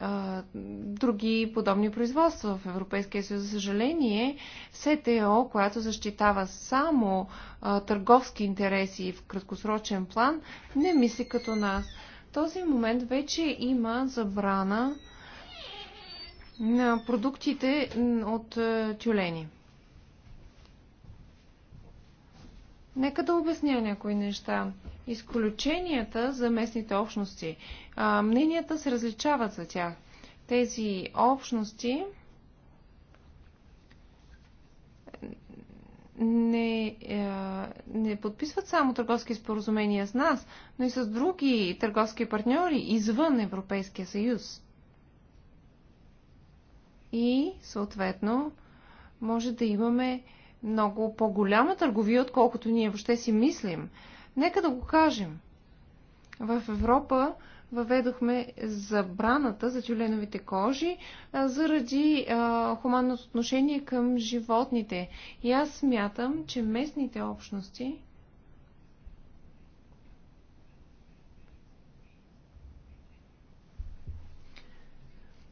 а, други подобни производства в Европейския съюз. За съжаление, СТО, която защитава само а, търговски интереси в краткосрочен план, не мисли като нас. В този момент вече има забрана на продуктите от е, тюлени. Нека да обясня някои неща. Изключенията за местните общности. мненията се различават за тях. Тези общности не, е, не подписват само търговски споразумения с нас, но и с други търговски партньори извън Европейския съюз и съответно може да имаме много по-голяма търговия, отколкото ние въобще си мислим. Нека да го кажем. В Европа въведохме забраната за тюленовите кожи а, заради а, хуманното отношение към животните. И аз смятам, че местните общности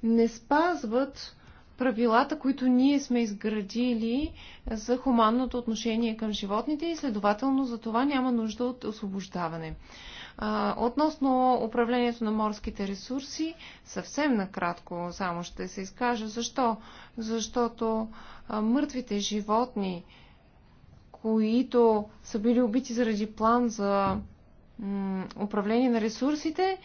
не спазват правилата, които ние сме изградили за хуманното отношение към животните и следователно за това няма нужда от освобождаване. Относно управлението на морските ресурси, съвсем накратко само ще се изкажа. Защо? Защото мъртвите животни, които са били убити заради план за управление на ресурсите,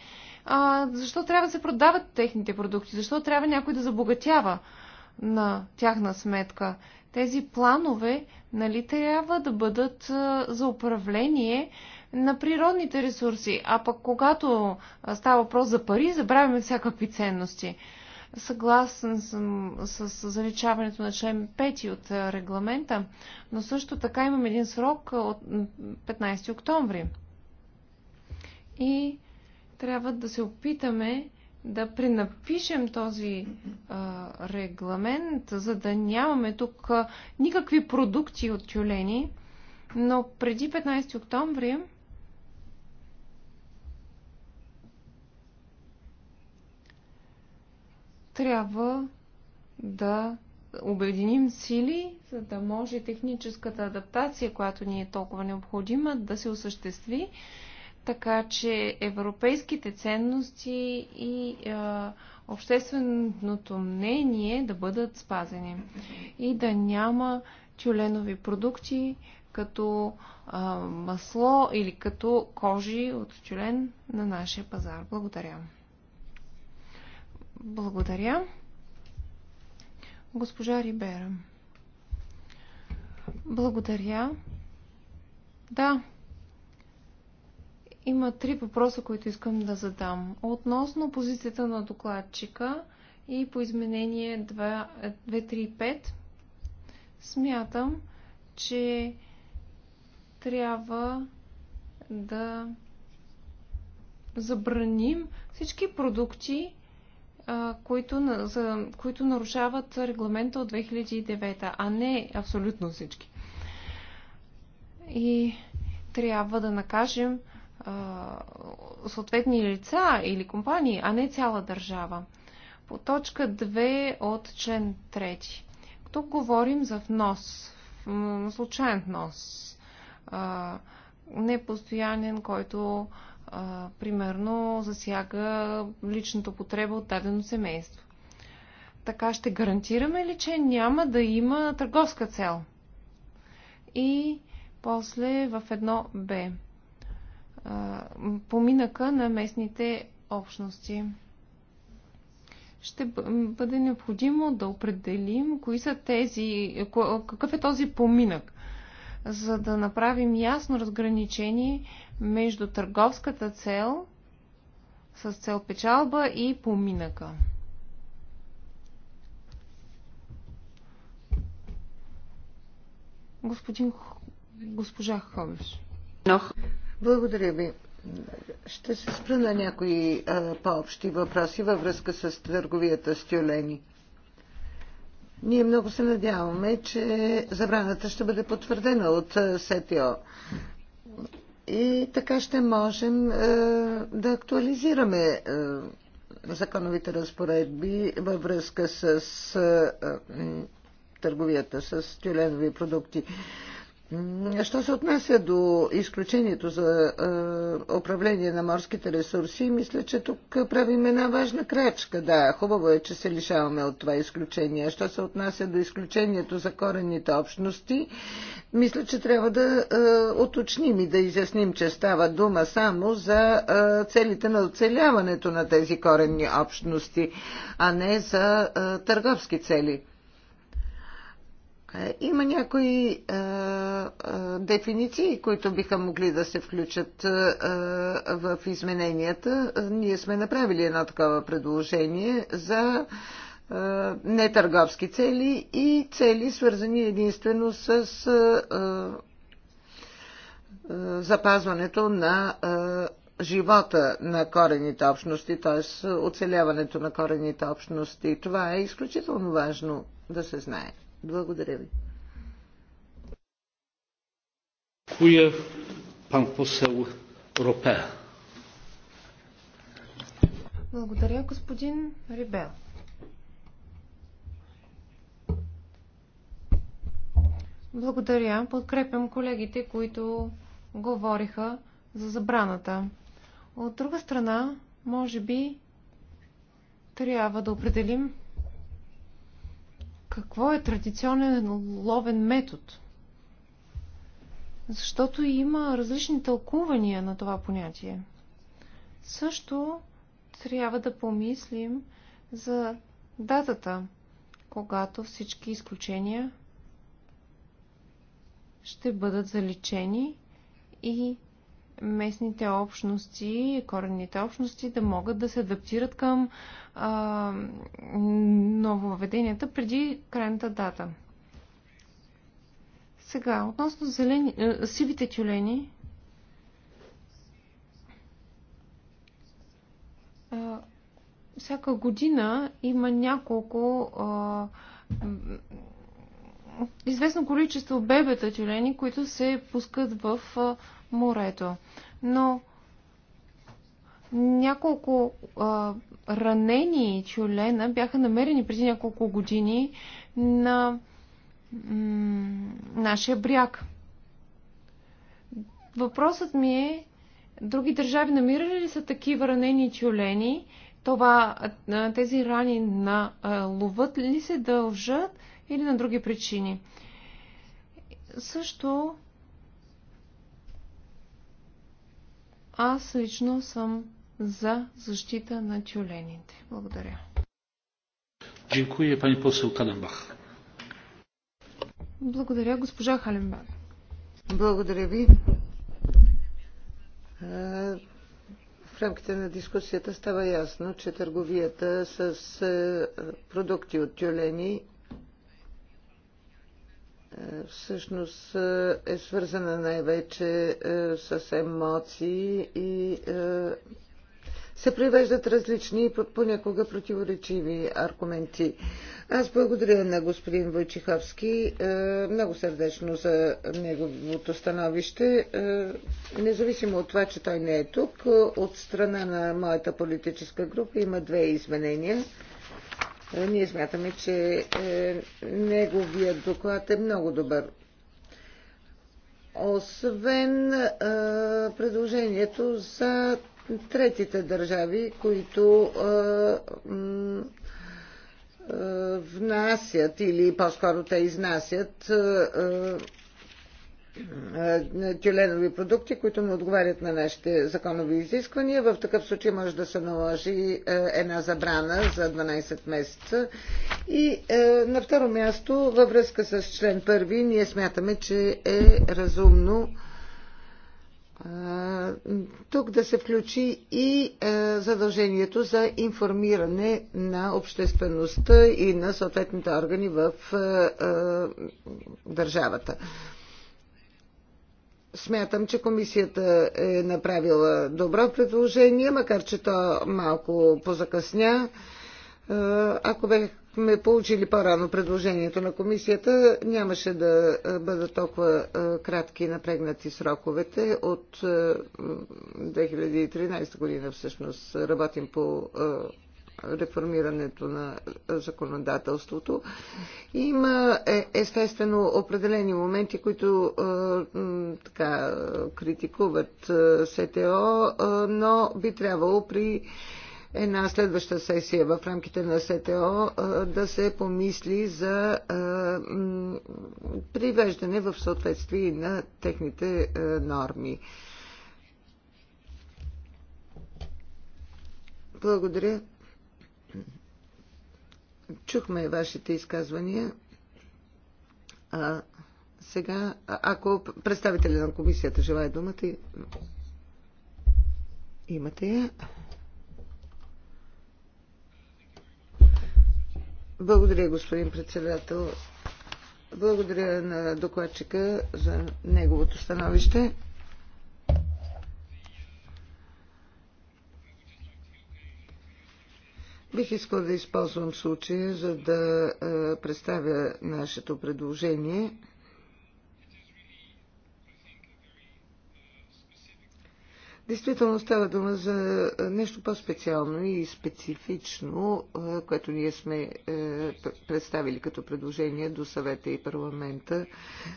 а, защо трябва да се продават техните продукти? Защо трябва някой да забогатява на тяхна сметка? Тези планове, нали, трябва да бъдат а, за управление на природните ресурси, а пък когато става въпрос за пари, забравяме всякакви ценности. Съгласен съм с заличаването на член 5 от регламента, но също така имам един срок от 15 октомври и трябва да се опитаме да пренапишем този а, регламент, за да нямаме тук а, никакви продукти от тюлени. Но преди 15 октомври трябва да обединим сили, за да може техническата адаптация, която ни е толкова необходима, да се осъществи така че европейските ценности и а, общественото мнение да бъдат спазени и да няма тюленови продукти като а, масло или като кожи от тюлен на нашия пазар. Благодаря. Благодаря. Госпожа Рибера. Благодаря. Да, има три въпроса, които искам да задам. Относно позицията на докладчика и по изменение 235, смятам, че трябва да забраним всички продукти, които, за, които нарушават регламента от 2009, а не абсолютно всички. И трябва да накажем съответни лица или компании, а не цяла държава. По точка 2 от член 3. Тук говорим за внос, случайен внос, непостоянен, който примерно засяга личната потреба от дадено семейство. Така ще гарантираме ли, че няма да има търговска цел? И после в едно Б поминъка на местните общности. Ще бъде необходимо да определим кои са тези, какъв е този поминък, за да направим ясно разграничение между търговската цел с цел печалба и поминъка. Господин, госпожа Хобеш. Благодаря ви. Ще се спра на някои по-общи въпроси във връзка с търговията с тюлени. Ние много се надяваме, че забраната ще бъде потвърдена от СТО. И така ще можем да актуализираме законовите разпоредби във връзка с търговията с тюленови продукти. Що се отнася до изключението за е, управление на морските ресурси, мисля, че тук правим една важна крачка. Да, хубаво е, че се лишаваме от това изключение. Що се отнася до изключението за коренните общности, мисля, че трябва да е, уточним и да изясним, че става дума само за е, целите на оцеляването на тези коренни общности, а не за е, търговски цели. Е, има някои а, е, а, е, дефиниции, които биха могли да се включат а, в измененията. Ние сме направили едно такова предложение за а, нетърговски цели и цели, свързани единствено с а, а, запазването на а, живота на корените общности, т.е. оцеляването на корените общности. Това е изключително важно да се знае. Благодаря ви. Dziękuję. пан посел Ропе. Благодаря, господин Рибел. Благодаря. Подкрепям колегите, които говориха за забраната. От друга страна, може би трябва да определим какво е традиционен ловен метод? Защото има различни тълкувания на това понятие. Също трябва да помислим за датата, когато всички изключения ще бъдат заличени и местните общности, коренните общности да могат да се адаптират към а, нововведенията преди крайната дата. Сега, относно зелени, а, е, сивите тюлени, а, всяка година има няколко а, известно количество бебета тюлени, които се пускат в а, морето. Но няколко а, ранени чулена бяха намерени преди няколко години на нашия бряг. Въпросът ми е, други държави намирали ли са такива ранени чулени? Това, тези рани на ловът ли се дължат или на други причини? Също Аз лично съм за защита на тюлените. Благодаря. Дякую, пани посел Каденбах. Благодаря, госпожа Халенбах. Благодаря ви. Е, в рамките на дискусията става ясно, че търговията с е, продукти от тюлени всъщност е, е свързана най-вече е, с емоции и е, се привеждат различни понякога противоречиви аргументи. Аз благодаря на господин Войчиховски много сърдечно за неговото становище. Независимо от това, че той не е тук, от страна на моята политическа група има две изменения – е, ние смятаме, че е, неговият доклад е много добър. Освен е, предложението за третите държави, които внасят или по-скоро те изнасят е, е, тюленови продукти, които не отговарят на нашите законови изисквания. В такъв случай може да се наложи е, една забрана за 12 месеца. И на второ място, във връзка с член 1, ние смятаме, че е разумно тук да се включи и задължението за информиране на обществеността и на съответните органи в държавата. Смятам, че комисията е направила добро предложение, макар че то малко позакъсня. Е, ако бяхме получили по-рано предложението на комисията, нямаше да бъдат толкова е, кратки и напрегнати сроковете. От 2013 е, година всъщност работим по реформирането на законодателството. Има е, естествено определени моменти, които е, така, критикуват е, СТО, но би трябвало при една следваща сесия в рамките на СТО да се помисли за привеждане в съответствие на техните норми. Благодаря. Чухме вашите изказвания. А, сега, ако представителя на комисията желая думата, имате я. Благодаря, господин председател. Благодаря на докладчика за неговото становище. Бих искал да използвам случая, за да е, представя нашето предложение Действително става дума за е, нещо по-специално и специфично, е, което ние сме е, представили като предложение до съвета и парламента.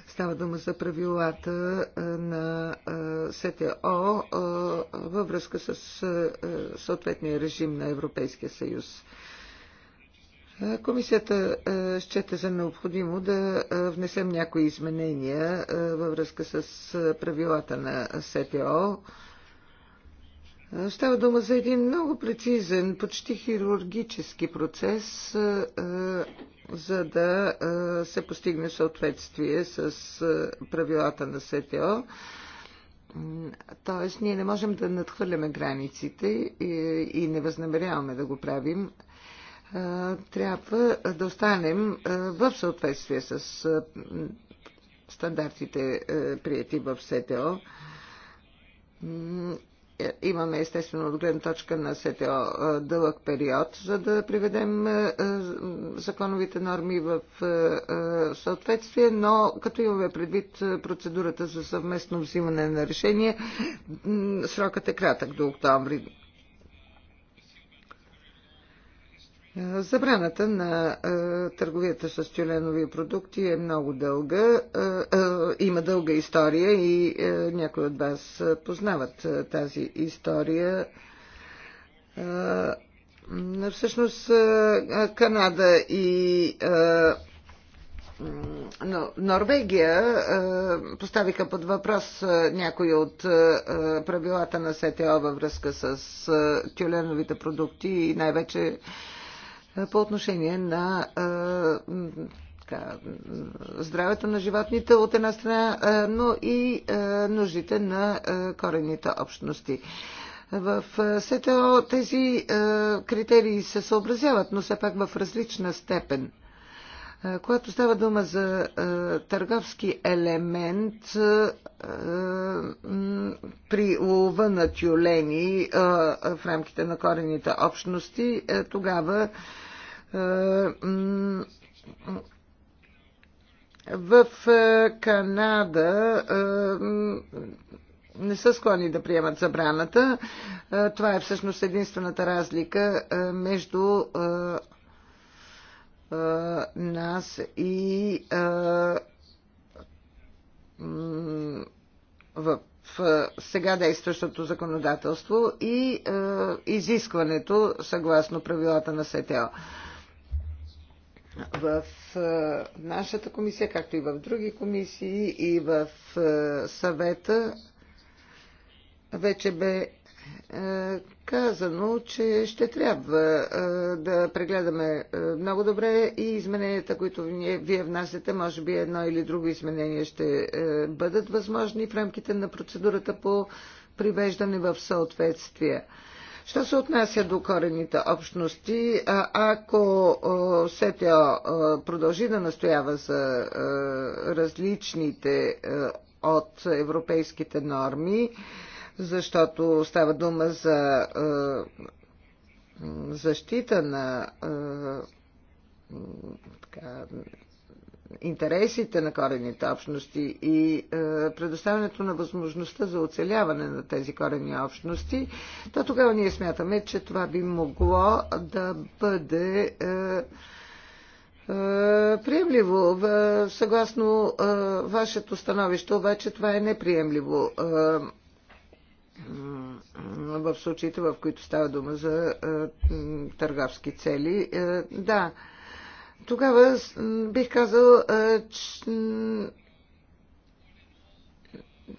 Става дума за правилата на СТО във връзка с съответния режим на Европейския съюз. Комисията счете за необходимо да внесем някои изменения във връзка с правилата на СТО Става дума за един много прецизен, почти хирургически процес, за да се постигне съответствие с правилата на СТО. Тоест, ние не можем да надхвърляме границите и не възнамеряваме да го правим. Трябва да останем в съответствие с стандартите, прияти в СТО е, имаме естествено от гледна точка на СТО е, дълъг период, за да приведем е, законовите норми в съответствие, но като имаме предвид процедурата за съвместно взимане на решение, срокът е кратък до октомври Забраната на търговията с тюленови продукти е много дълга. има дълга история и някои от вас познават тази история. всъщност Канада и но Норвегия поставиха под въпрос някои от правилата на СТО във връзка с тюленовите продукти и най-вече по отношение на така, здравето на животните от една страна, но и нуждите на корените общности. В СТО тези критерии се съобразяват, но все пак в различна степен. Когато става дума за а, търговски елемент а, при лова на тюлени а, в рамките на корените общности, а, е, тогава а, в а, Канада а, не са склонни да приемат забраната. А, това е всъщност единствената разлика а, между. А, нас и в сега действащото законодателство и изискването съгласно правилата на СТО. В нашата комисия, както и в други комисии и в съвета, вече бе е, казано, че ще трябва е, да прегледаме е, много добре и измененията, които вие внасяте, може би едно или друго изменение ще бъдат възможни в рамките на процедурата по привеждане в съответствие. Що се отнася до корените общности, ако СТО продължи да настоява за различните от европейските норми, защото става дума за е, защита на е, така, интересите на корените общности и е, предоставянето на възможността за оцеляване на тези корени общности, то тогава ние смятаме, че това би могло да бъде е, е, приемливо. Съгласно е, вашето становище, обаче това е неприемливо. Е, в случаите, в които става дума за търговски цели. Е, да, тогава бих казал, че,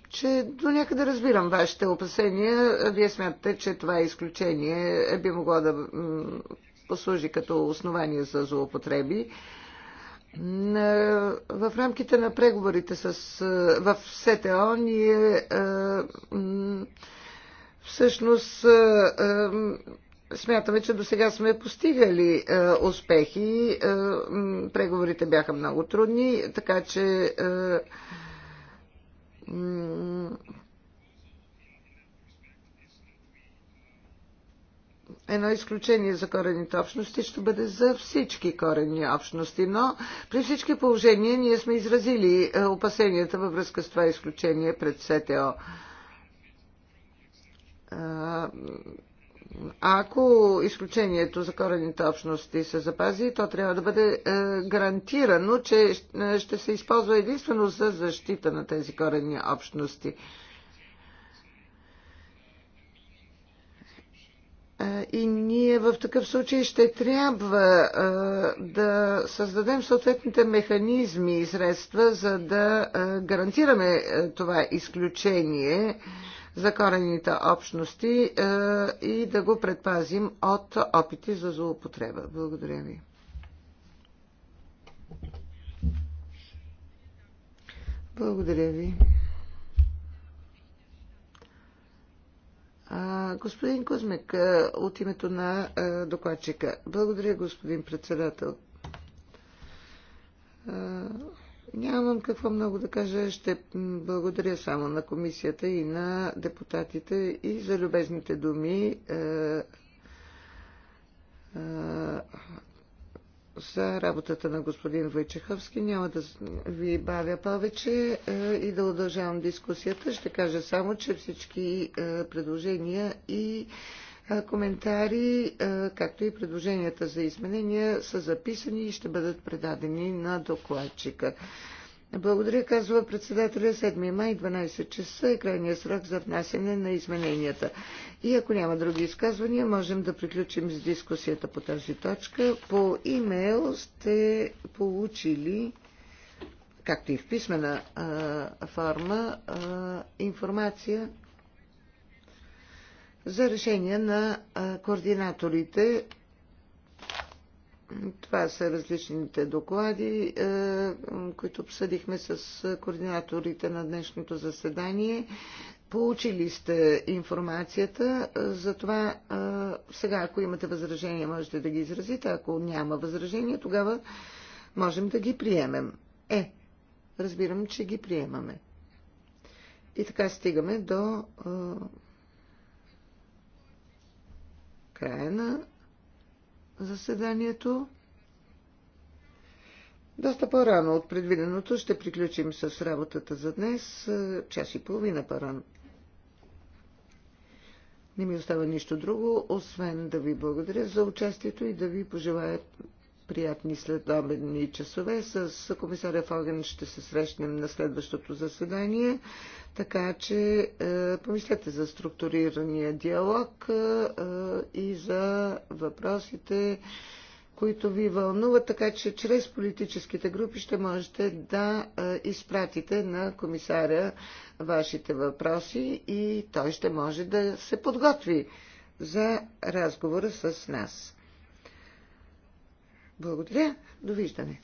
че до някъде разбирам вашите опасения. Вие смятате, че това изключение би могло да послужи като основание за злоупотреби. В рамките на преговорите с, в СТО ние всъщност смятаме, че до сега сме постигали успехи. преговорите бяха много трудни, така че едно изключение за корените общности ще бъде за всички корени общности, но при всички положения ние сме изразили е, опасенията във връзка с това изключение пред СТО. Ако изключението за корените общности се запази, то трябва да бъде е, гарантирано, че е, ще се използва единствено за защита на тези корени общности. И ние в такъв случай ще трябва да създадем съответните механизми и средства, за да гарантираме това изключение за корените общности и да го предпазим от опити за злоупотреба. Благодаря ви. Благодаря ви. Господин Кузмек, от името на докладчика. Благодаря, господин председател. Нямам какво много да кажа. Ще благодаря само на комисията и на депутатите и за любезните думи за работата на господин Войчеховски. Няма да ви бавя повече е, и да удължавам дискусията. Ще кажа само, че всички е, предложения и е, коментари, както и предложенията за изменения са записани и ще бъдат предадени на докладчика. Благодаря, казва председателя. 7 май, 12 часа е крайният срок за внасяне на измененията. И ако няма други изказвания, можем да приключим с дискусията по тази точка. По имейл сте получили, както и в писмена а, форма, а, информация за решение на а, координаторите това са различните доклади, е, които обсъдихме с координаторите на днешното заседание. Получили сте информацията, е, затова е, сега, ако имате възражения, можете да ги изразите. Ако няма възражения, тогава можем да ги приемем. Е, разбирам, че ги приемаме. И така стигаме до края на заседанието. Доста по-рано от предвиденото ще приключим с работата за днес, е, час и половина по-рано. Не ми остава нищо друго, освен да ви благодаря за участието и да ви пожелая приятни следобедни часове. С комисаря Фоген ще се срещнем на следващото заседание, така че е, помислете за структурирания диалог е, е, и за въпросите, които ви вълнуват, така че чрез политическите групи ще можете да е, изпратите на комисаря вашите въпроси и той ще може да се подготви за разговора с нас. Благодаря. Довиждане.